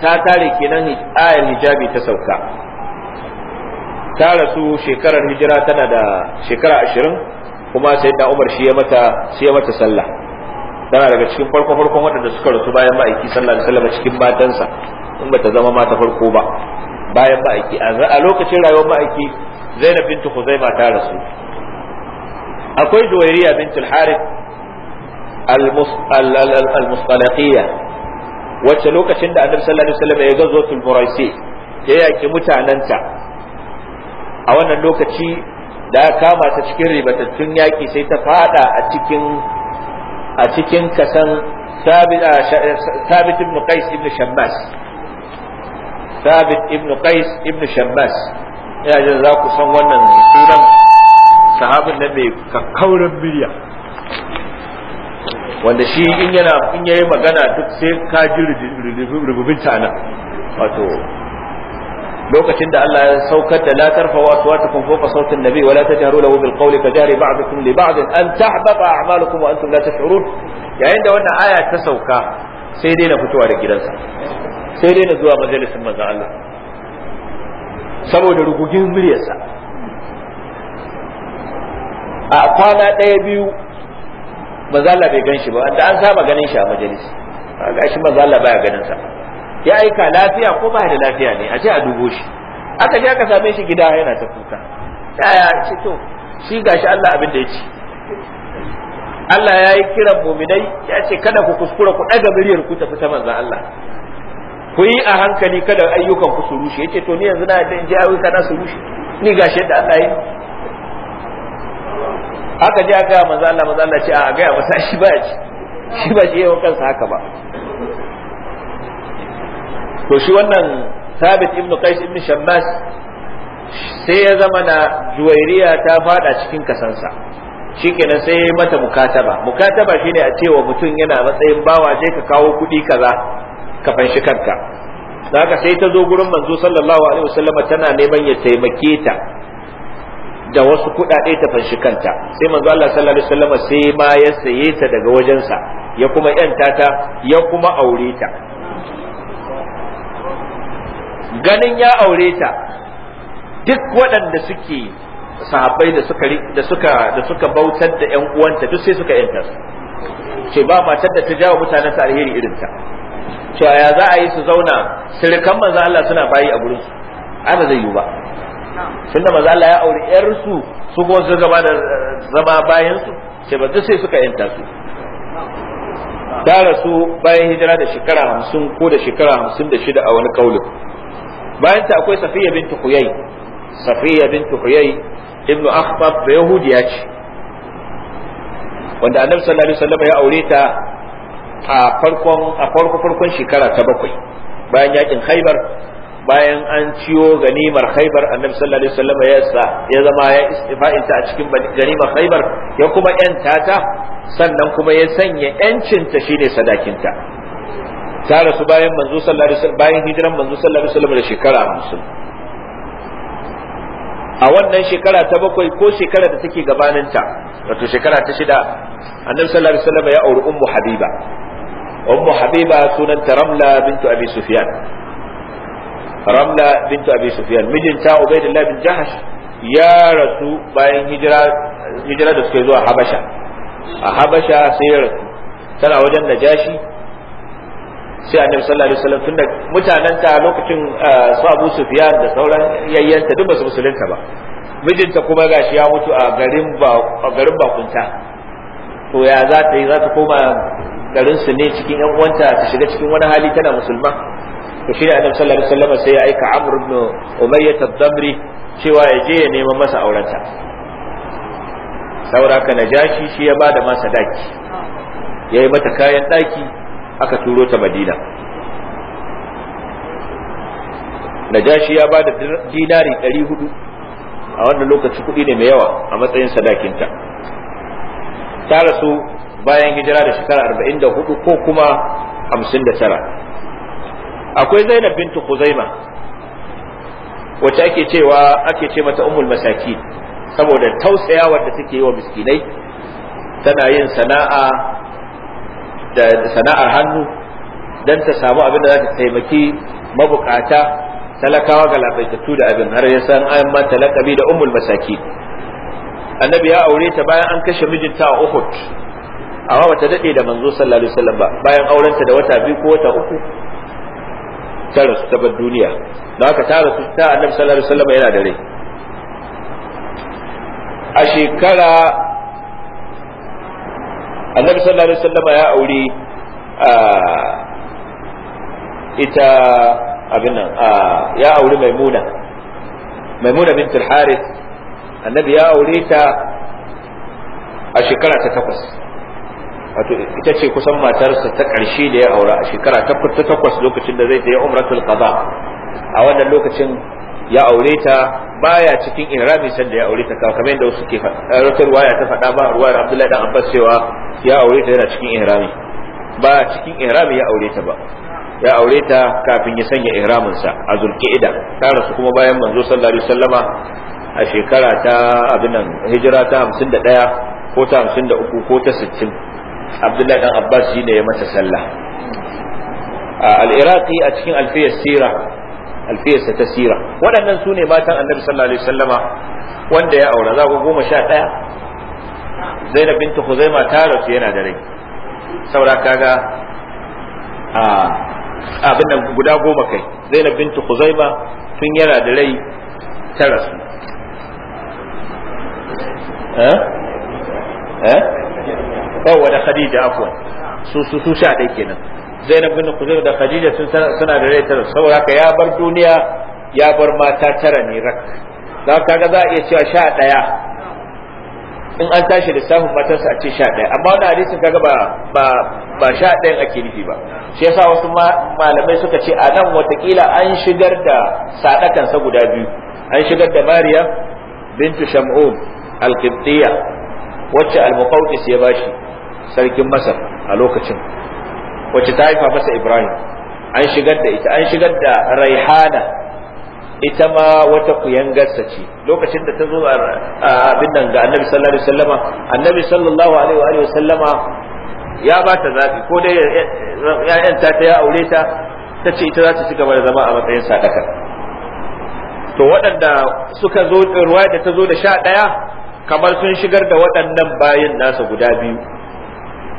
ta tare kenan ayar hijabi ta sauka ta rasu shekarar hijira tana da shekara ashirin kuma sai da umar shi ya mata shi ya mata sallah tana daga cikin farko farkon waɗanda suka rasu bayan ma'aiki sallallahu alaihi wasallam cikin matansa in bata zama mata farko ba bayan ma'aiki a lokacin rayuwar ma'aiki zainab bintu khuzaima ta rasu akwai juwairiya bintul harith al-mustalaqiyya wacce lokacin da annabi sallallahu alaihi wasallam ya gazo tul muraisi ya yaki mutananta a wannan lokaci da kama ta cikin ribatattun yaki sai ta fada a cikin a cikin kasan ثابت ثابت بن thabit ibn qais ibn shammas ina jin za ku san wannan sunan sahabin nan mai kakkaurin miliya wanda shi in yana in yayi magana duk sai ka ji rububin ta nan wato lokacin da Allah ya saukar da la tarfa wa aswatukum fawqa sawti an-nabi wa la tajharu lahu bil qawli ka jahri ba'dikum li ba'd an tahbata a'malukum wa antum la tash'urun yayin da wannan aya ta sauka sai dai na fitowa da gidansa sai dai na zuwa majalisin manzan Allah saboda rugugin muryarsa a kwana ɗaya biyu manzon Allah bai gan shi ba wanda an saba ganin shi a majalisi ga shi manzon Allah baya ganin sa ya aika lafiya ko ba da lafiya ne a ce a dubo shi aka je aka same shi gida yana ta kuka yaya ce to shi gashi Allah abin da ya ci. Allah ya yi kiran muminai ya ce kada ku kuskura ku ɗaga muryar ku tafi ta manzan Allah ku yi a hankali kada ayyukan ku su rushe yace to ni yanzu na da je ayyuka na su rushe ni gashi da Allah yi haka je aka manzo Allah manzo Allah ce a ga ya masa shi ba shi shi ba shi yawan kansa haka ba to shi wannan Thabit ibn Qais ibn Shammas sai ya zama na juwairiya ta fada cikin kasansa shikenan sai ya mata mukataba mukataba shine a cewa mutum yana matsayin bawa je ka kawo kuɗi kaza ka fanshi kanka da haka sai ta zo gurin manzo sallallahu alaihi wasallama tana neman ya taimake ta da wasu kuɗaɗe ta fanshi kanta sai manzo Allah sallallahu alaihi wasallama sai ma ya saye ta daga wajensa ya kuma yanta ta ya kuma aure ta ganin ya aure ta duk waɗanda suke sahabbai da suka da suka da suka bautar da ƴan uwanta duk sai suka yanta su ce ba matar da ta jawo mutanen ta alheri irin ta to ya za a yi su zauna sirikan manzo Allah suna bayi a gurin su ai ba zai yiwu ba da manzo Allah ya aure yar su su go su gaba da eh, zama bayin su ce ba duk sai suka yanta su da rasu bayan hijira da shekara hamsin ko da shekara hamsin da shida a wani kaulin bayan ta akwai safiya bintu huyai safiya bintu huyai ibnu akhbab da yahudiya ce wanda annabi sallallahu alaihi wasallam ya aure ta a farkon a farko farkon shekara ta bakwai bayan yakin haibar bayan an ciyo ganimar haibar annabi sallallahu alaihi wasallam ya sa ya zama ya istifa'in ta a cikin ganimar haibar ya kuma yanta ta sannan kuma ya sanya yancin ta shine sadakin ta ta rasu bayan manzo sallallahu alaihi wasallam bayan hijiran manzo sallallahu alaihi wasallam da shekara 50 a wannan shekara ta bakwai ko shekara da take gabaninta wato shekara ta shida annabi sallallahu alaihi wasallam ya auri ummu habiba أم حبيبة sunanta رملة بنت أبي سفيان رملة بنت أبي سفيان مجن تا عبيد الله بن جهش يا hijira باين هجرة هجرة تسكيزوا حبشة حبشة سير sai ya rasu tana sai annabi sallallahu alaihi wasallam tunda mutanen ta lokacin ah, su Abu Sufyan da sauran ta duk su musulunta ba mijinta kuma gashi ya mutu a garin ba garin bakunta to ya za ta yi za ta koma garinsu ne cikin yan uwanta ta shiga cikin wani hali tana musulma to shi ne annabi sallallahu alaihi wasallam sai ya aika amr ibn umayyah ad cewa ya je ya neman masa aurenta saboda ka najashi shi ya bada masa daki ya mata kayan daki aka turo ta madina najashi ya bada dinari 400 a wannan lokaci kuɗi ne mai yawa a matsayin sadakinta ta rasu bayan hijira da shekara hudu ko kuma hamsin da tara, akwai zainab bintu kuzaima wacce ake cewa ake ce mata umulmasaki masaki saboda tausayawar da take yi wa miskinai tana yin sana'a da sana'ar hannu don ta samu abin da za ta taimaki mabukata talakawa ga labaitattu da abin har ya san an mata lakabi da umulmasaki. masaki annabi ya aure ta bayan an kashe mijinta a Uhud amma bata dade da manzo sallallahu alaihi wasallam ba bayan aurenta da wata biyu ko wata uku ta rasu ta bar duniya da haka ta rasu ta annabi sallallahu alaihi wasallam yana da rai a shekara annabi sallallahu alaihi wasallam ya aure a ita abin nan ya aure maimuna maimuna al harith annabi ya aure ta a shekara ta takwas wato ita ce kusan matarsa ta ƙarshe da ya aura a shekara ta fita takwas lokacin da zai je umratul qada a wannan lokacin ya aure ta baya cikin ihrami sanda ya aure ta kamar yadda wasu ke faɗa eh, ruwaya ta faɗa ba ruwayar Abdullahi dan Abbas cewa ya aure ta yana cikin ihrami ba cikin ihrami ya aure ta ba ya aure ta kafin ya sanya ihraminsa a zulqa'ida ta rasu kuma bayan manzo sallallahu alaihi wasallama a shekara ta abinan hijira ta 51 ko ta 53 ko ta 60 abdullahi dan abbas shine ya mata sallah al-iraqi a cikin alfiyar sira alfiyarsa ta sira waɗannan su ne matan annabi sallallahu alaihi wasallama wanda ya aura za ku goma sha ɗaya zainab Binta huzaima ta rasu yana da rai saura kaga a abin nan guda goma kai zainab Binta huzaima tun yana da rai ta rasu eh eh kawwa da khadija afwan su su su sha dai kenan zainab bin kuzair da khadija sun suna da rai tare saboda haka ya bar duniya ya bar mata tara ne rak za ka ga za a iya cewa sha ɗaya in an tashi lissafin matarsa a ce sha ɗaya amma wani hadisin kaga ba ba ba sha ɗayan ake nufi ba shi yasa wasu malamai suka ce a nan watakila an shigar da sa guda biyu an shigar da mariya bintu shamun qibtiyya wacce al ya bashi sarkin masar a lokacin wacce ta haifa masa ibrahim an shigar da ita an shigar da raihana ita ma wata kuyangarsa ce lokacin da ta zo abin nan ga annabi sallallahu alaihi wasallama annabi sallallahu alaihi wasallama ya ba ta zafi ko dai ya'yan ta ta ya aure ta ta ce ita za ta ci gaba da zama a matsayin sadaka to waɗanda suka zo ruwaya da ta zo da sha ɗaya kamar sun shigar da waɗannan bayin nasa guda biyu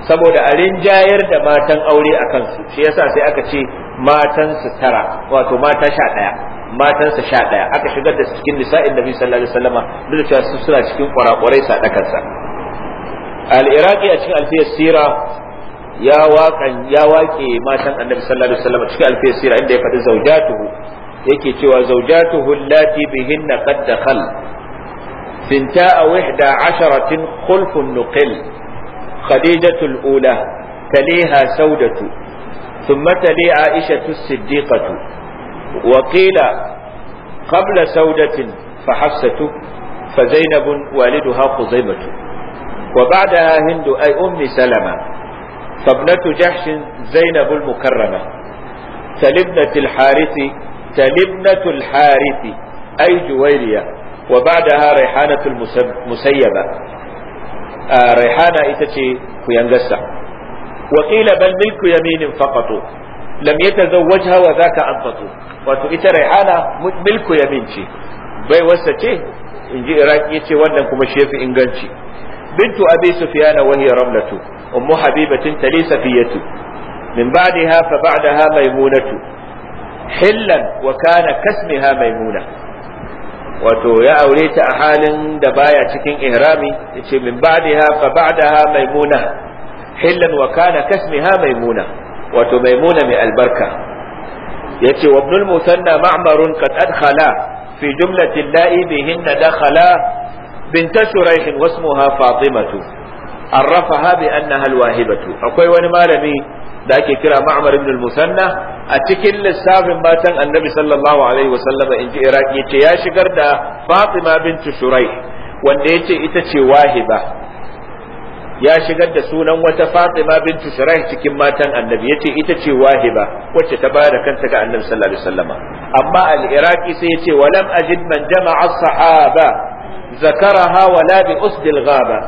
saboda a rinjayar da matan aure a kansu shi yasa sai aka ce matansu tara wato mata sha ɗaya matansa sha ɗaya aka shigar da su cikin nisa'in nabi sallallahu alaihi wasallama duk da cewa su suna cikin kwarakwarai sadakarsa al-iraqi a cikin alfiyar sira ya waƙan ya waƙe matan annabi sallallahu alaihi wasallama cikin alfiyar sira inda ya faɗi zawjatuhu yake cewa zawjatuhu allati bihinna qad dakhal sinta wahda عشرة khulfun nuqil خديجة الأولى تليها سودة ثم تلي عائشة الصديقة وقيل قبل سودة فحفصة فزينب والدها قزيمة وبعدها هند أي أم سلمة فابنة جحش زينب المكرمة تلبنة الحارث تلبنة الحارث أي جويرية وبعدها ريحانة المسيبة raihana ita ce kuyangarsa wa qila bal milku yaminin faqatu lam yatazawwajha wa zaka anfatu wato ita raihana milku yamin ce bai wasa ce in ji iraki yace wannan kuma shefi inganci bintu abi sufyana wa hiya ramlatu ummu habibatin tali safiyatu min ba'daha fa ba'daha maimunatu hillan wa kana kasmiha maimuna wato ya aure ta a halin da baya cikin ihrami yace min ba'daha fa ba'daha maimuna hillan wa kana kasmiha maimuna wato maimuna mai albarka yace wa ibnul musanna ma'marun qad adkhala fi jumlati la'i bihinna dakhala bint shuraih wasmuha fatimatu arrafaha bi annaha alwahibatu akwai wani malami da ake kira ma'amar ibn musanna a cikin lissafin matan annabi sallallahu alaihi wasallama in ji iraki ce ya shigar da fatima bintu shurai wanda ce ita ce wahiba ya shigar da sunan wata fatima bintu shurai cikin matan annabi ya ce ita ce wahiba wacce ta bayar da kanta ga annabi sallallahu alaihi wasallama amma al-iraki sai ce walam ajid man jama'a as-sahaba zakaraha wala bi usdil ghaba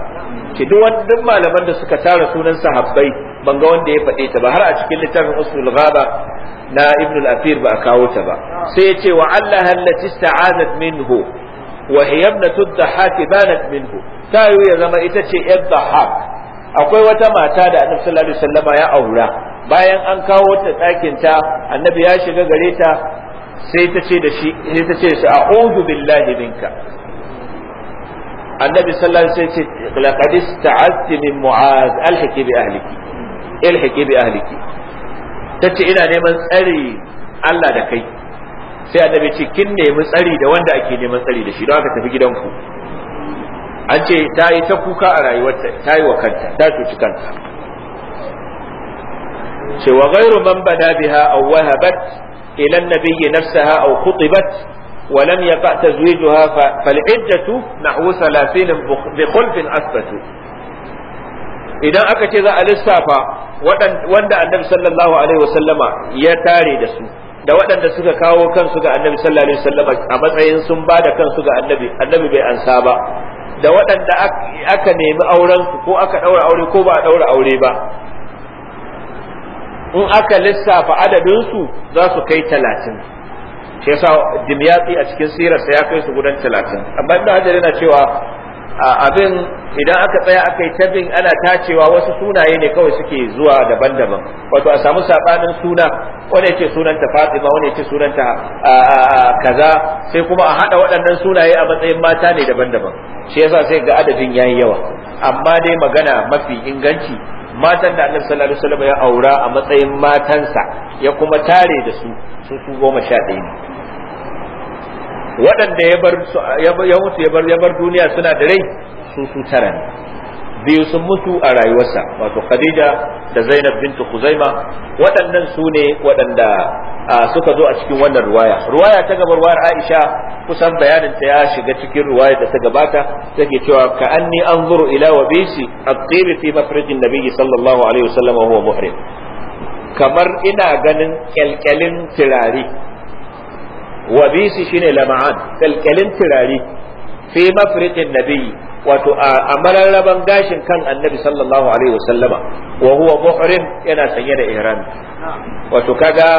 ki duk wani malaman da suka tara sunan sahabbai ban ga wanda ya faɗe ta ba har a cikin littafin usul ghaba na ibn al-afir ba a kawo ta ba sai ya ce wa Allah allati sta'anat minhu wa hiya ibnatu dhahhak banat minhu ta ya zama ita ce yar dhahhak akwai wata mata da annabi sallallahu alaihi wasallama ya aura bayan an kawo ta ɗakin ta annabi ya shiga gare ta sai ta ce da shi sai ta ce a'udhu billahi minka annabi sallallahu alaihi wasallam ce laqad ista'azti min mu'az alhaqi bi ahliki ilhaqi bi ahliki ina neman tsari Allah da kai sai annabi ce kin nemi tsari da wanda ake neman tsari da shi don haka tafi gidanku an ce ta yi ta kuka a rayuwarta ta yi wa kanta ta cuci kanta ce wa ghairu man bada biha aw wahabat ila nabiyyi nafsaha aw khutibat ولم يقع تزويجها فالعدة نحو ثلاثين بخلف أثبتوا idan aka ce za a lissafa wanda annabi sallallahu alaihi wasallama ya tare da su da waɗanda suka kawo kansu ga annabi sallallahu alaihi wasallama a matsayin sun ba da kansu ga annabi annabi bai ansa ba da waɗanda aka nemi auren su ko aka ɗaura aure ko ba a ɗaura aure ba in aka lissafa adadin su za su kai talatin shi yasa dimyatsi a cikin sirarsa ya kai su gudan talatin amma ibn hajar yana cewa abin idan aka tsaya aka yi tabin ana tacewa wasu sunaye ne kawai suke zuwa daban-daban wato a samu sabanin suna wani ya ce sunanta fatima wani ya ce sunanta kaza sai kuma a hada waɗannan sunaye a matsayin mata ne daban-daban shi yasa sai ga adadin yayi yawa amma dai magana mafi inganci matan da annabi sallallahu alaihi wasallam ya aura a matsayin matansa ya kuma tare da su su su goma sha ɗaya ne waɗanda ya bar ya mutu ya bar ya bar duniya suna da rai su su tara ne biyu sun mutu a rayuwarsa wato khadija da zainab bintu khuzaima waɗannan su ne waɗanda suka zo a cikin wannan ruwaya ruwaya ta gaba ruwayar aisha kusan bayanin ta ya shiga cikin ruwaya da ta gabata take cewa ka anni anzuru ila wabisi at-tib fi mafrijin nabiyyi sallallahu alaihi wasallam wa huwa muhrim kamar ina ganin kyalkyalin turare wabisi shine lama'an kyalkyalin turare fi mafrijin nabiyyi wato a mararraban gashin kan annabi sallallahu alaihi wasallama wa huwa muhrim yana sanye da ihrami wato kaga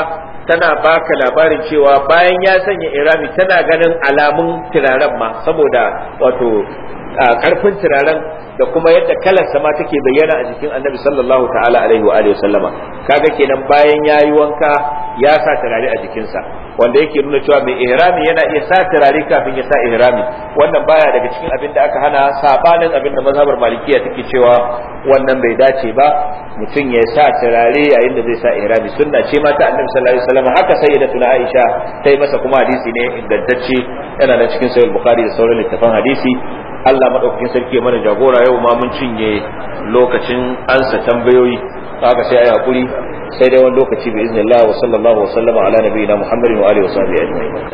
tana baka labarin cewa bayan ya sanya irami tana ganin alamun turaren ma saboda wato karfin turaren da kuma yadda kalarsa ma take bayyana a jikin annabi sallallahu ta'ala alaihi wa alihi sallama kaga kenan bayan yayi wanka ya sa turare a jikinsa wanda yake nuna cewa mai ihrami yana iya sa turare kafin ya sa ihrami wannan baya daga cikin abin da aka hana sabanin abin da mazhabar malikiya take cewa wannan bai dace ba mutum ya sa turare yayin da zai sa ihrami sunna ce ma ta annabi sallallahu alaihi wasallam haka sayyidatu aisha ta yi masa kuma hadisi ne ingantacce yana da cikin sahih bukhari da sauran littafan hadisi Allah madaukakin sarki mana jagora yau ma mun cinye lokacin ansa tambayoyi haka sai ayi hakuri sai dai wani lokaci bi iznillah wa sallallahu wa sallama ala nabiyina muhammadin wa alihi wa sahbihi ajma'in